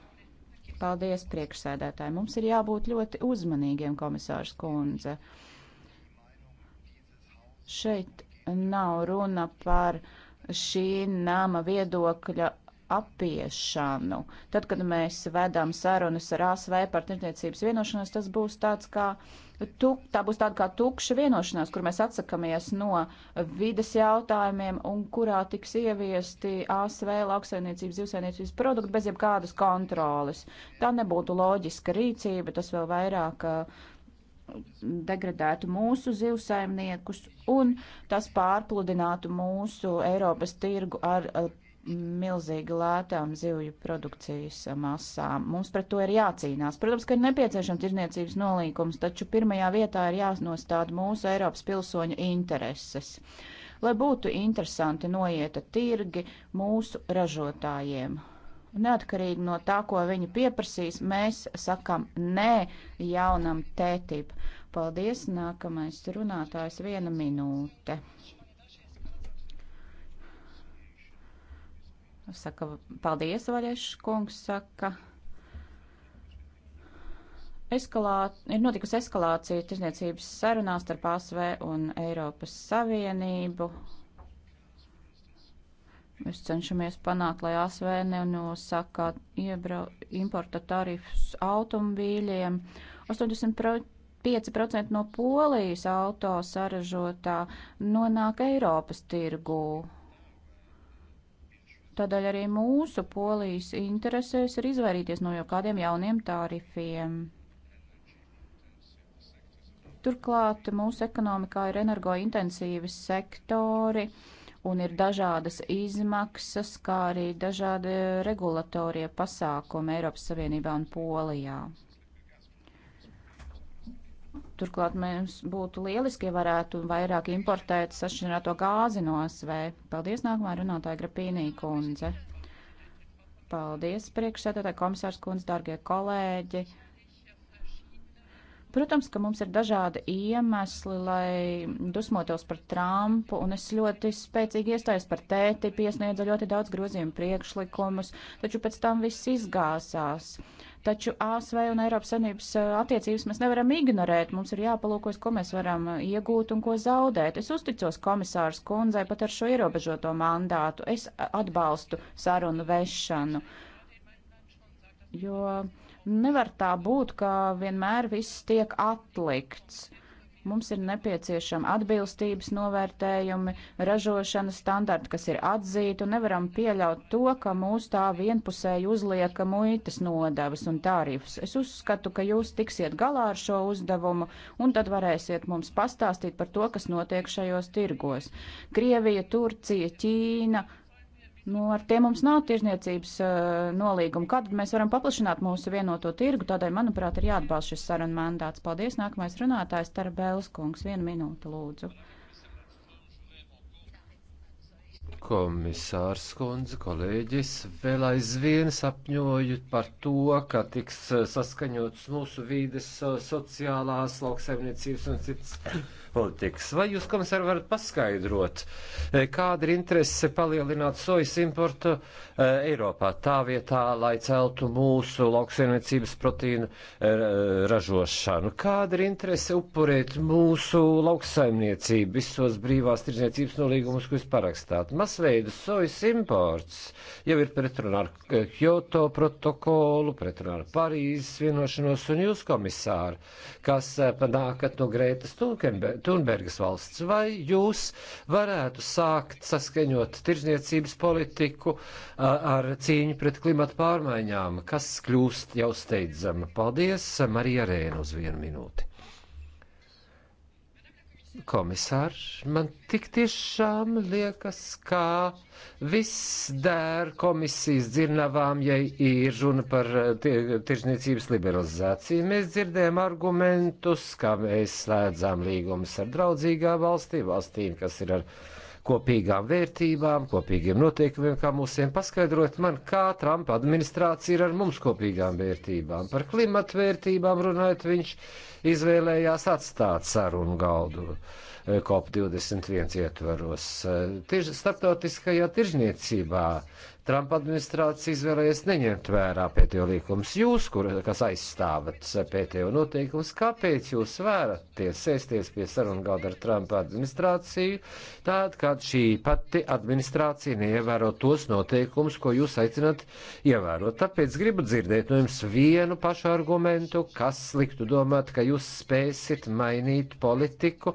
Paldies priekšsēdētāji. Mums ir jābūt ļoti uzmanīgiem, komisārs kundze. Šeit nav runa par šī nama viedokļa apiešanu. Tad, kad mēs vedam sarunas ar ASV par tirdzniecības vienošanos, tas būs tāds kā uh, tu, tā būs tāda kā tukša vienošanās, kur mēs atsakamies no vides jautājumiem un kurā tiks ieviesti ASV lauksainiecības, zivsainiecības produkti bez jebkādas kontroles. Tā nebūtu loģiska rīcība, tas vēl vairāk uh, degradētu mūsu zivsaimniekus un tas pārpludinātu mūsu Eiropas tirgu ar uh, milzīga lētām zivju produkcijas masām. Mums pret to ir jācīnās. Protams, ka ir nepieciešams tirniecības nolīkums, taču pirmajā vietā ir jānostāda mūsu Eiropas pilsoņu intereses. Lai būtu interesanti noieta tirgi mūsu ražotājiem. Neatkarīgi no tā, ko viņi pieprasīs, mēs sakam nē jaunam tētip. Paldies, nākamais runātājs viena minūte. Saka, paldies, Vaļeš kungs, saka. Eskalāt, ir notikusi eskalācija tirzniecības sarunās starp ASV un Eiropas Savienību. Mēs cenšamies panākt, lai ASV nenosaka iebra, importa tarifus automobīļiem. 85% no polijas auto saražotā nonāk Eiropas tirgū Tādēļ arī mūsu polijas interesēs ir izvairīties no jau kādiem jauniem tārifiem. Turklāt mūsu ekonomikā ir energointensīvi sektori un ir dažādas izmaksas, kā arī dažādi regulatorie pasākumi Eiropas Savienībā un Polijā. Turklāt mēs būtu lieliski, ja varētu vairāk importēt sašķirināto gāzi no ASV. Paldies, nākamā runātāja Grapīnī kundze. Paldies, priekšsēdētāji komisārs kundze, dargie kolēģi. Protams, ka mums ir dažādi iemesli, lai dusmotos par Trumpu, un es ļoti spēcīgi iestājos par tēti, piesniedza ļoti daudz grozījumu priekšlikumus, taču pēc tam viss izgāzās. Taču ASV un Eiropas Savienības eh, attiecības mēs nevaram ignorēt, mums ir jāpalūkojas, ko mēs varam eh, iegūt un ko zaudēt. Es uzticos komisārs kundzei pat ar šo ierobežoto mandātu. Es eh, atbalstu sarunu vešanu. Jo Nevar tā būt, ka vienmēr viss tiek atlikts. Mums ir nepieciešama atbilstības novērtējumi, ražošanas standarti, kas ir atzīti, un nevaram pieļaut to, ka mūs tā vienpusēji uzlieka muitas nodevas un tārīfus. Es uzskatu, ka jūs tiksiet galā ar šo uzdevumu, un tad varēsiet mums pastāstīt par to, kas notiek šajos tirgos. Krievija, Turcija, Ķīna Nu, ar tiem mums nav tirzniecības uh, nolīguma. Kā tad mēs varam paplašināt mūsu vienoto tirgu? Tādēļ, manuprāt, ir jāatbalsta šis sarunu mandāts. Paldies. Nākamais runātājs Tarbēls kungs. Vienu minūtu, lūdzu. Komisārs Kundze, kolēģis, vēl aizvien sapņoju par to, ka tiks uh, saskaņots mūsu vīdes uh, sociālās lauksaimniecības un citas politikas. Vai jūs, komisāri, varat paskaidrot, e, kāda ir interese palielināt sojas importu e, Eiropā tā vietā, lai celtu mūsu lauksaimniecības proteīna e, ražošanu? Kāda ir interese upurēt mūsu lauksaimniecību visos brīvās tirdzniecības nolīgumus, ko jūs parakstāt? Masveidu sojas imports jau ir pretrunā ar Kyoto protokolu, pretrunā ar Parīzes vienošanos un jūs, komisāri, kas panākat no Grētas Tulkenberg. Tunbergas valsts, vai jūs varētu sākt saskaņot tirzniecības politiku ar cīņu pret klimatu pārmaiņām, kas kļūst jau steidzama? Paldies, Marija Rēna, uz vienu minūti komisār, man tik tiešām liekas, kā viss dēr komisijas dzirnavām, ja ir runa par eh, tirzniecības liberalizāciju. Mēs dzirdējam argumentus, kā mēs slēdzām līgumus ar draudzīgām valstīm, valstīm, kas ir ar kopīgām vērtībām, kopīgiem noteikumiem, kā mūsiem paskaidrot man, kā Trumpa administrācija ir ar mums kopīgām vērtībām. Par klimatu vērtībām runājot, viņš izvēlējās atstāt sarunu galdu. Uh, COP21 ietvaros. Tieši starptautiskajā tirzniecībā Trumpa administrācija izvēlējies neņemt vērā PTO līkumus. Jūs, kur, kas aizstāvat PTO noteikumus, kāpēc jūs vēraties sēsties pie sarunu galda ar Trumpa administrāciju, tād, kad šī pati administrācija neievēro tos noteikumus, ko jūs aicinat ievērot. Tāpēc gribu dzirdēt no jums vienu pašu argumentu, kas liktu domāt, ka jūs spēsit mainīt politiku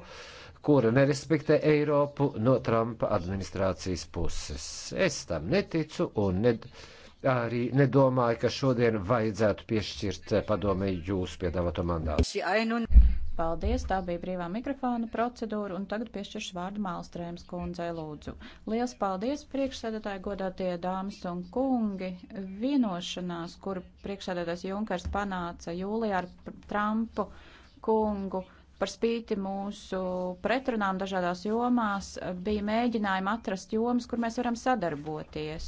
kura nerespektē Eiropu no Trumpa administrācijas puses. Es tam neticu un ned arī nedomāju, ka šodien vajadzētu piešķirt padomēju jūsu piedāvāto mandātu. Paldies, tā bija brīvā mikrofona procedūra, un tagad piešķiršu vārdu Mālstrēmas kundzei lūdzu. Lielas paldies, priekšsēdētāji, godātie dāmas un kungi. Vienošanās, kur priekšsēdētājs Junkers panāca jūlijā ar Trumpu kungu par spīti mūsu pretrunām dažādās jomās, bija mēģinājumi atrast jomas, kur mēs varam sadarboties.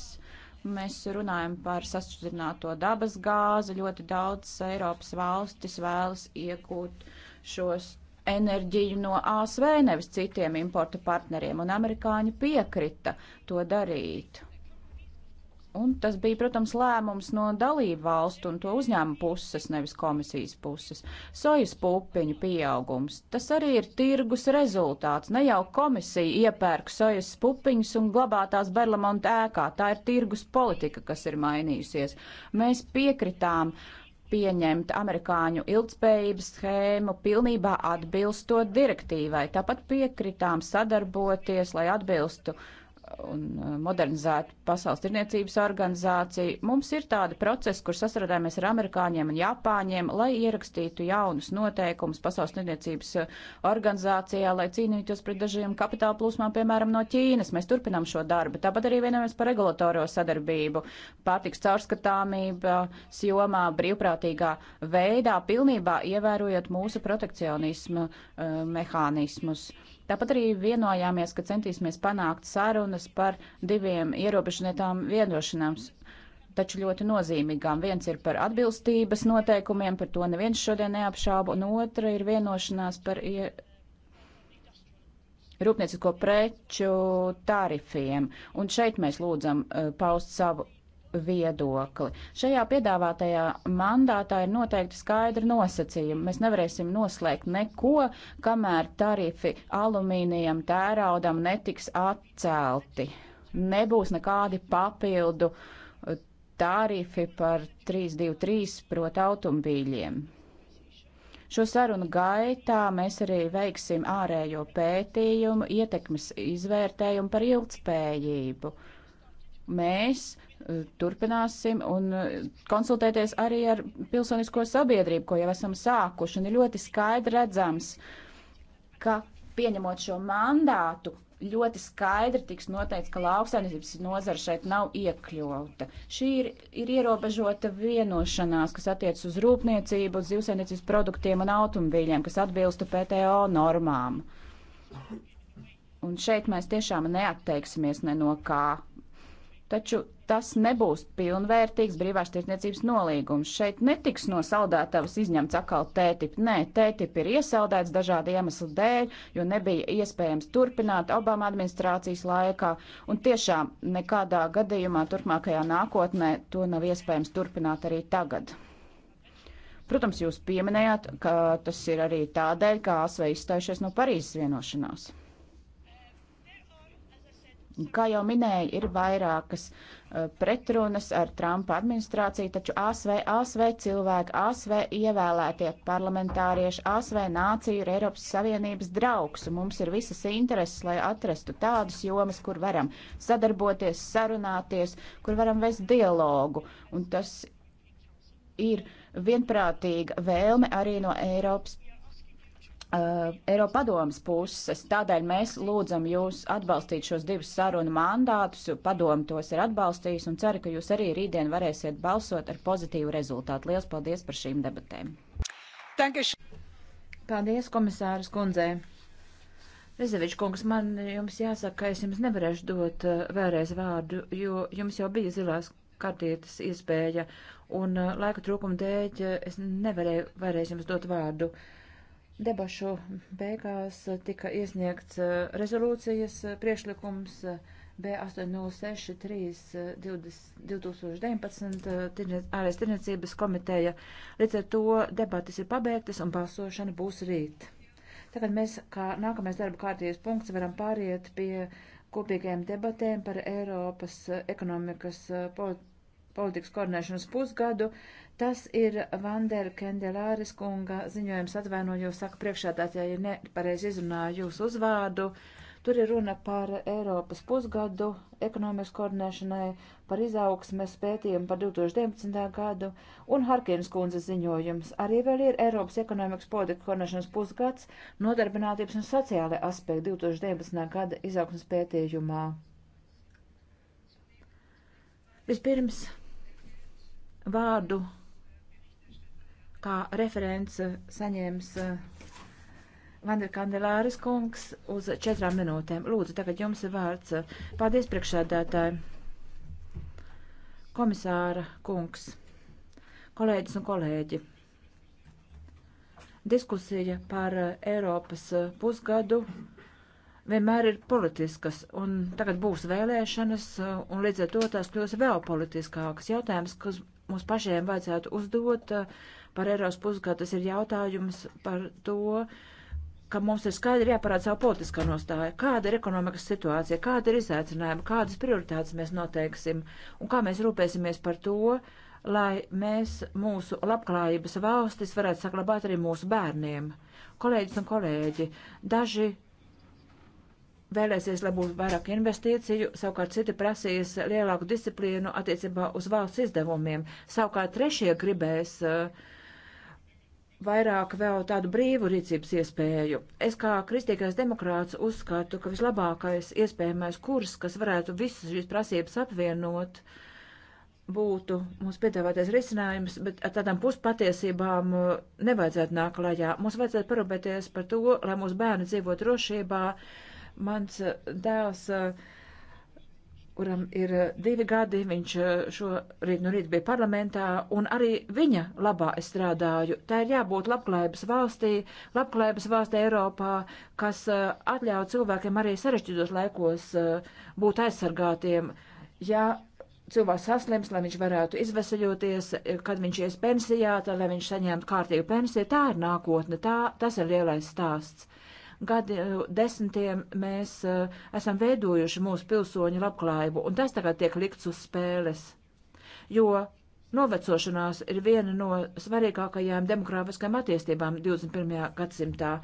Mēs runājam par sasprādzināto dabas gāzi. Ļoti daudz Eiropas valstis vēlas iegūt šos enerģiju no ASV, nevis citiem importa partneriem, un amerikāņi piekrita to darīt. Un tas bija, protams, lēmums no dalību valstu un to uzņēmumu puses, nevis komisijas puses. Sojas pupiņu pieaugums. Tas arī ir tirgus rezultāts. Ne jau komisija iepērk sojas pupiņus un glabā tās Berlamonta ēkā. Tā ir tirgus politika, kas ir mainījusies. Mēs piekritām pieņemt amerikāņu ilgspējības schēmu pilnībā atbilstot direktīvai. Tāpat piekritām sadarboties, lai atbilstu uh, un eh, modernizētu pasaules tirniecības organizāciju. Mums ir tādi procesi, kur sasradāmies ar amerikāņiem un japāņiem, lai ierakstītu jaunus noteikumus pasaules tirniecības eh, organizācijā, lai cīnītos pret dažiem kapitāla plūsmām, piemēram, no Ķīnas. Mēs turpinām šo darbu. Tāpat arī vienojamies par regulatorio sadarbību, pārtiks caurskatāmības eh, jomā, brīvprātīgā veidā, pilnībā ievērojot mūsu protekcionismu uh, mehānismus. Uh, Tāpat arī vienojāmies, ka centīsimies panākt sarunas par diviem ierobežotām vienošanām, taču ļoti nozīmīgām. Viens ir par atbilstības noteikumiem, par to neviens šodien neapšāba, un otra ir vienošanās par ie... rūpniecisko preču tarifiem. Un šeit mēs lūdzam uh, paust savu viedokli. Šajā piedāvātajā mandātā ir noteikti skaidri nosacījumi. Mēs nevarēsim noslēgt neko, kamēr tarifi alumīnijam, tēraudam netiks atcelti. Nebūs nekādi papildu uh, tarifi par 323 prot automobīļiem. Šo sarunu gaitā mēs arī veiksim ārējo pētījumu, ietekmes izvērtējumu par ilgspējību. Mēs turpināsim un eh, konsultēties arī ar pilsonisko sabiedrību, ko jau esam sākuši. Un ir ļoti skaidri redzams, ka pieņemot šo mandātu, ļoti skaidri tiks noteikts, ka lauksaimniecības nozara šeit nav iekļauta. Šī ir, ir ierobežota vienošanās, kas attiecas uz rūpniecību, zivsaimniecības produktiem un automobīļiem, kas atbilstu PTO normām. Un šeit mēs tiešām neatteiksimies ne no kā. Taču tas nebūs pilnvērtīgs brīvās tirdzniecības nolīgums. Šeit netiks no saldētavas izņemts atkal tētip. Nē, tētip ir iesaldēts dažādu iemeslu dēļ, jo nebija iespējams turpināt Obama administrācijas laikā. Un tiešām nekādā gadījumā turpmākajā nākotnē to nav iespējams turpināt arī tagad. Protams, jūs pieminējāt, ka tas ir arī tādēļ, ka ASV izstājušies no Parīzes vienošanās. Kā jau minēju, ir vairākas eh, pretrunas ar Trumpa administrāciju, taču ASV, ASV cilvēki, ASV ievēlētie parlamentārieši, ASV nācija ir Eiropas Savienības draugs, un mums ir visas intereses, lai atrastu tādas jomas, kur varam sadarboties, sarunāties, kur varam vest dialogu. Un tas ir vienprātīga vēlme arī no Eiropas Uh, Eiropadomas puses. Tādēļ mēs lūdzam jūs atbalstīt šos divus sarunu mandātus, jo padomu tos ir atbalstījis un ceru, ka jūs arī rītdien varēsiet balsot ar pozitīvu rezultātu. Lielas paldies par šīm debatēm. Paldies, komisāras kundzē. Rezevičs kungs, man jums jāsaka, ka es jums nevarēšu dot uh, vēlreiz vārdu, jo jums jau bija zilās kartītes iespēja, un uh, laika trūkuma dēļ uh, es nevarēju vēlreiz jums dot vārdu. Uh, Debašu beigās tika iesniegts uh, rezolūcijas uh, priešlikums uh, B8063-2019 ārējas tirniecības komiteja. Līdz ar to debatas ir pabeigtas un balsošana būs rīt. Tagad mēs, kā nākamais darba kārtības punkts, varam pāriet pie kopīgajām debatēm par Eiropas ekonomikas politikas koordinēšanas pusgadu. Tas ir Vandera Kendelāres kunga ziņojums atvainojos, saka priekšādātāji, ja nepareizi izrunāju jūsu uzvārdu. Tur ir runa par Eiropas pusgadu ekonomikas koordinēšanai, par izaugsmes pētījumu par 2019. gadu un Harkins kundzes ziņojums. Arī vēl ir Eiropas ekonomikas politika koordinēšanas pusgads, nodarbinātības un sociālai aspekti 2019. gada izaugsmes pētījumā. Vispirms vārdu kā referents eh, saņēmis eh, Vanderkandelāris kungs uz četrām minūtēm. Lūdzu, tagad jums ir vārds. Paldies, priekšsēdētāji. Komisāra kungs, kolēģis un kolēģi. Diskusija par eh, Eiropas pusgadu vienmēr ir politiskas, un tagad būs vēlēšanas, un līdz ar to tās kļūs vēl politiskākas. Jautājums, kas mums pašiem vajadzētu uzdot, uh, par Eiropas pusgadu. Tas ir jautājums par to, ka mums ir skaidri jāparāda savu politiskā nostāja, kāda ir ekonomikas situācija, kāda ir izaicinājuma, kādas prioritātes mēs noteiksim un kā mēs rūpēsimies par to, lai mēs mūsu labklājības valstis varētu saglabāt arī mūsu bērniem. Kolēģis un kolēģi, daži vēlēsies, lai būtu vairāk investīciju, savukārt citi prasīs lielāku disciplīnu attiecībā uz valsts izdevumiem. Savukārt trešie gribēs uh, vairāk vēl tādu brīvu rīcības iespēju. Es kā kristīgais demokrāts uzskatu, ka vislabākais iespējamais kurs, kas varētu visas šīs prasības apvienot, būtu mums piedāvātais risinājums, bet ar tādām puspatiesībām uh, nevajadzētu nākt klajā. Mums vajadzētu parūpēties par to, lai mūsu bērni dzīvo drošībā. Mans uh, dēls uh, kuram ir eh, divi gadi, viņš eh, šorīt no nu rīta bija parlamentā, un arī viņa labā es strādāju. Tā ir jābūt labklājības valstī, labklājības valstī Eiropā, kas eh, atļauj cilvēkiem arī sarešķītos laikos būt aizsargātiem. Ja cilvēks saslims, lai viņš varētu izvesaļoties, kad viņš ies pensijā, tad lai viņš saņemtu kārtīgu pensiju, tā ir nākotne, tā, tas ir lielais stāsts gadi eh, desmitiem mēs eh, esam veidojuši mūsu pilsoņu labklājību, un tas tagad tiek likts uz spēles. Jo novecošanās ir viena no svarīgākajām demokrāfiskajām attīstībām 21. gadsimtā.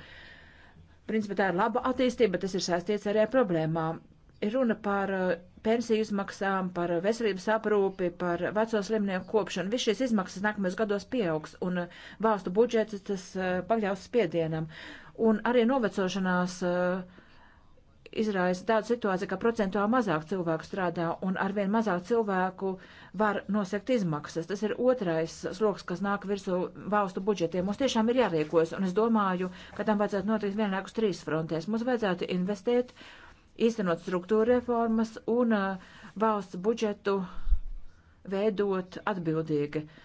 Principā tā ir laba attīstība, bet tas ir saistīts arī ar problēmām. Ir runa par eh, pensiju izmaksām, par veselības aprūpi, par veco slimnieku kopšanu. Viss šīs izmaksas nākamajos gados pieaugs, un valstu budžets tas pakļaus spiedienam. Uh, un arī novecošanās uh, izraisa tādu situāciju, ka procentuāli mazāk cilvēku strādā un arvien mazāk cilvēku var nosekt izmaksas. Tas ir otrais sloks, kas nāk virsū valstu budžetiem. Mums tiešām ir jārīkojas, un es domāju, ka tam vajadzētu notikt vienlaikus trīs frontēs. Mums vajadzētu investēt, īstenot struktūra reformas un uh, valsts budžetu veidot atbildīgi. Uh,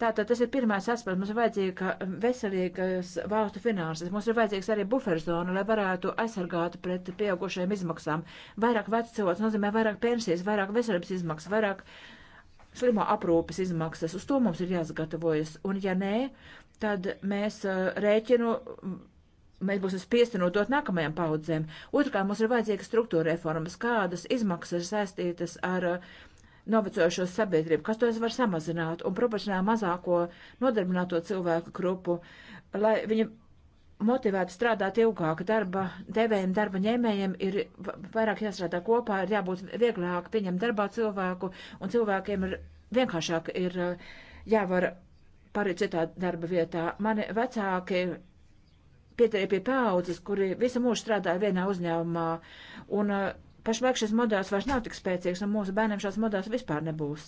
Tātad tas ir pirmais aspekts. Mums ir vajadzīga veselīgas valstu finanses. Mums ir vajadzīgs arī buferzona, lai varētu aizsargāt pret pieaugušajiem izmaksām. Vairāk vecāks nozīmē vairāk pensijas, vairāk veselības izmaksas, vairāk slimo aprūpes izmaksas. Uz to mums ir jāsagatavojas. Un ja nē, tad mēs uh, rēķinu mēs būsim spiesti nodot nākamajām paudzēm. Otrkārt, mums ir vajadzīgas struktūra reformas, kādas izmaksas ir saistītas ar uh, novecojušo sabiedrību, kas tos var samazināt un proporcionāli mazāko nodarbināto cilvēku grupu, lai viņi motivēti strādāt ilgāk. Darba devējiem, darba ņēmējiem ir vairāk jāstrādā kopā, ir jābūt vieglāk pieņemt darbā cilvēku, un cilvēkiem ir vienkāršāk ir eh, jāvar pārēt citā darba vietā. Mani vecāki pieturēja pie paudzes, kuri visu mūžu strādāja vienā uzņēmumā, un uh, Pašlaik šis modelis vairs nav tik spēcīgs, un mūsu bērniem šāds modelis vispār nebūs.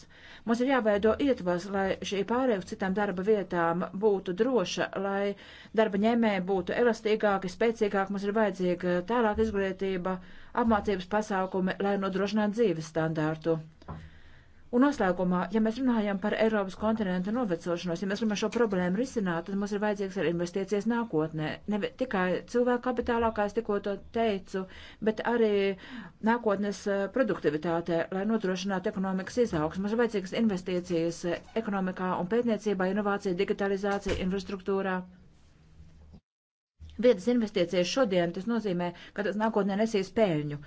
Mums ir jāveido ietvars, lai šī pārēja uz citām darba vietām būtu droša, lai darba ņēmēji būtu elastīgāki, spēcīgāki. Mums ir vajadzīga tālāk izglītība, apmācības pasākumi, lai nodrošinātu dzīves standārtu. Un noslēgumā, ja mēs runājam par Eiropas kontinentu novecošanos, ja mēs gribam šo problēmu risināt, tad mums ir vajadzīgs arī investīcijas nākotnē. Ne tikai cilvēku kapitālā, kā es tikko to teicu, bet arī nākotnes eh, produktivitātē, lai nodrošinātu ekonomikas izaugsmu. Mums ir vajadzīgas investīcijas eh, ekonomikā un pētniecībā, inovācija, digitalizācija, infrastruktūrā. Vietas investīcijas šodien, tas nozīmē, ka tas nākotnē nesīs pēļņu.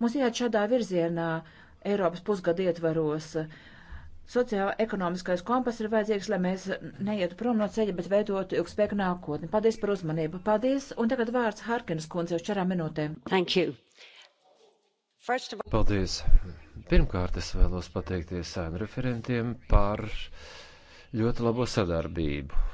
Mums jāiet šādā virzienā. Uh, Eiropas pusgada ietvaros. Sociālo-ekonomiskais kompas ir vajadzīgs, lai mēs neietu prom no ceļa, bet veidotu ilgspējīgu nākotni. Paldies par uzmanību. Paldies. Un tagad vārds Harkinas kundze uz četrām minūtēm. Thank you. All... Paldies. Pirmkārt, es vēlos pateikties sēnu referentiem par ļoti labo sadarbību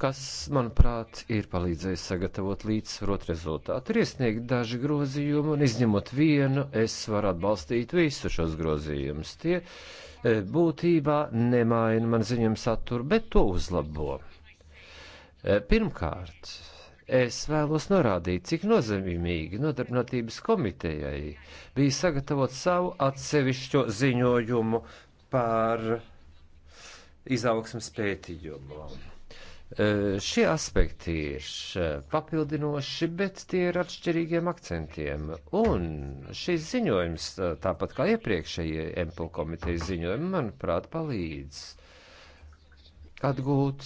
kas, manuprāt, ir palīdzējis sagatavot līdzsvarot rezultātu. Ir iesniegt daži grozījumi, un izņemot vienu, es varu atbalstīt visu šos grozījumus. Tie e, būtībā nemaina man ziņojumu saturu, bet to uzlabo. E, pirmkārt, es vēlos norādīt, cik nozīmīgi nodarbinātības komitejai bija sagatavot savu atsevišķo ziņojumu par izaugsmas pētījumu Šie aspekti ir papildinoši, bet tie ir atšķirīgiem akcentiem. Un šis ziņojums, tāpat kā iepriekšējie MPL komitejas ziņojumi, manuprāt, palīdz atgūt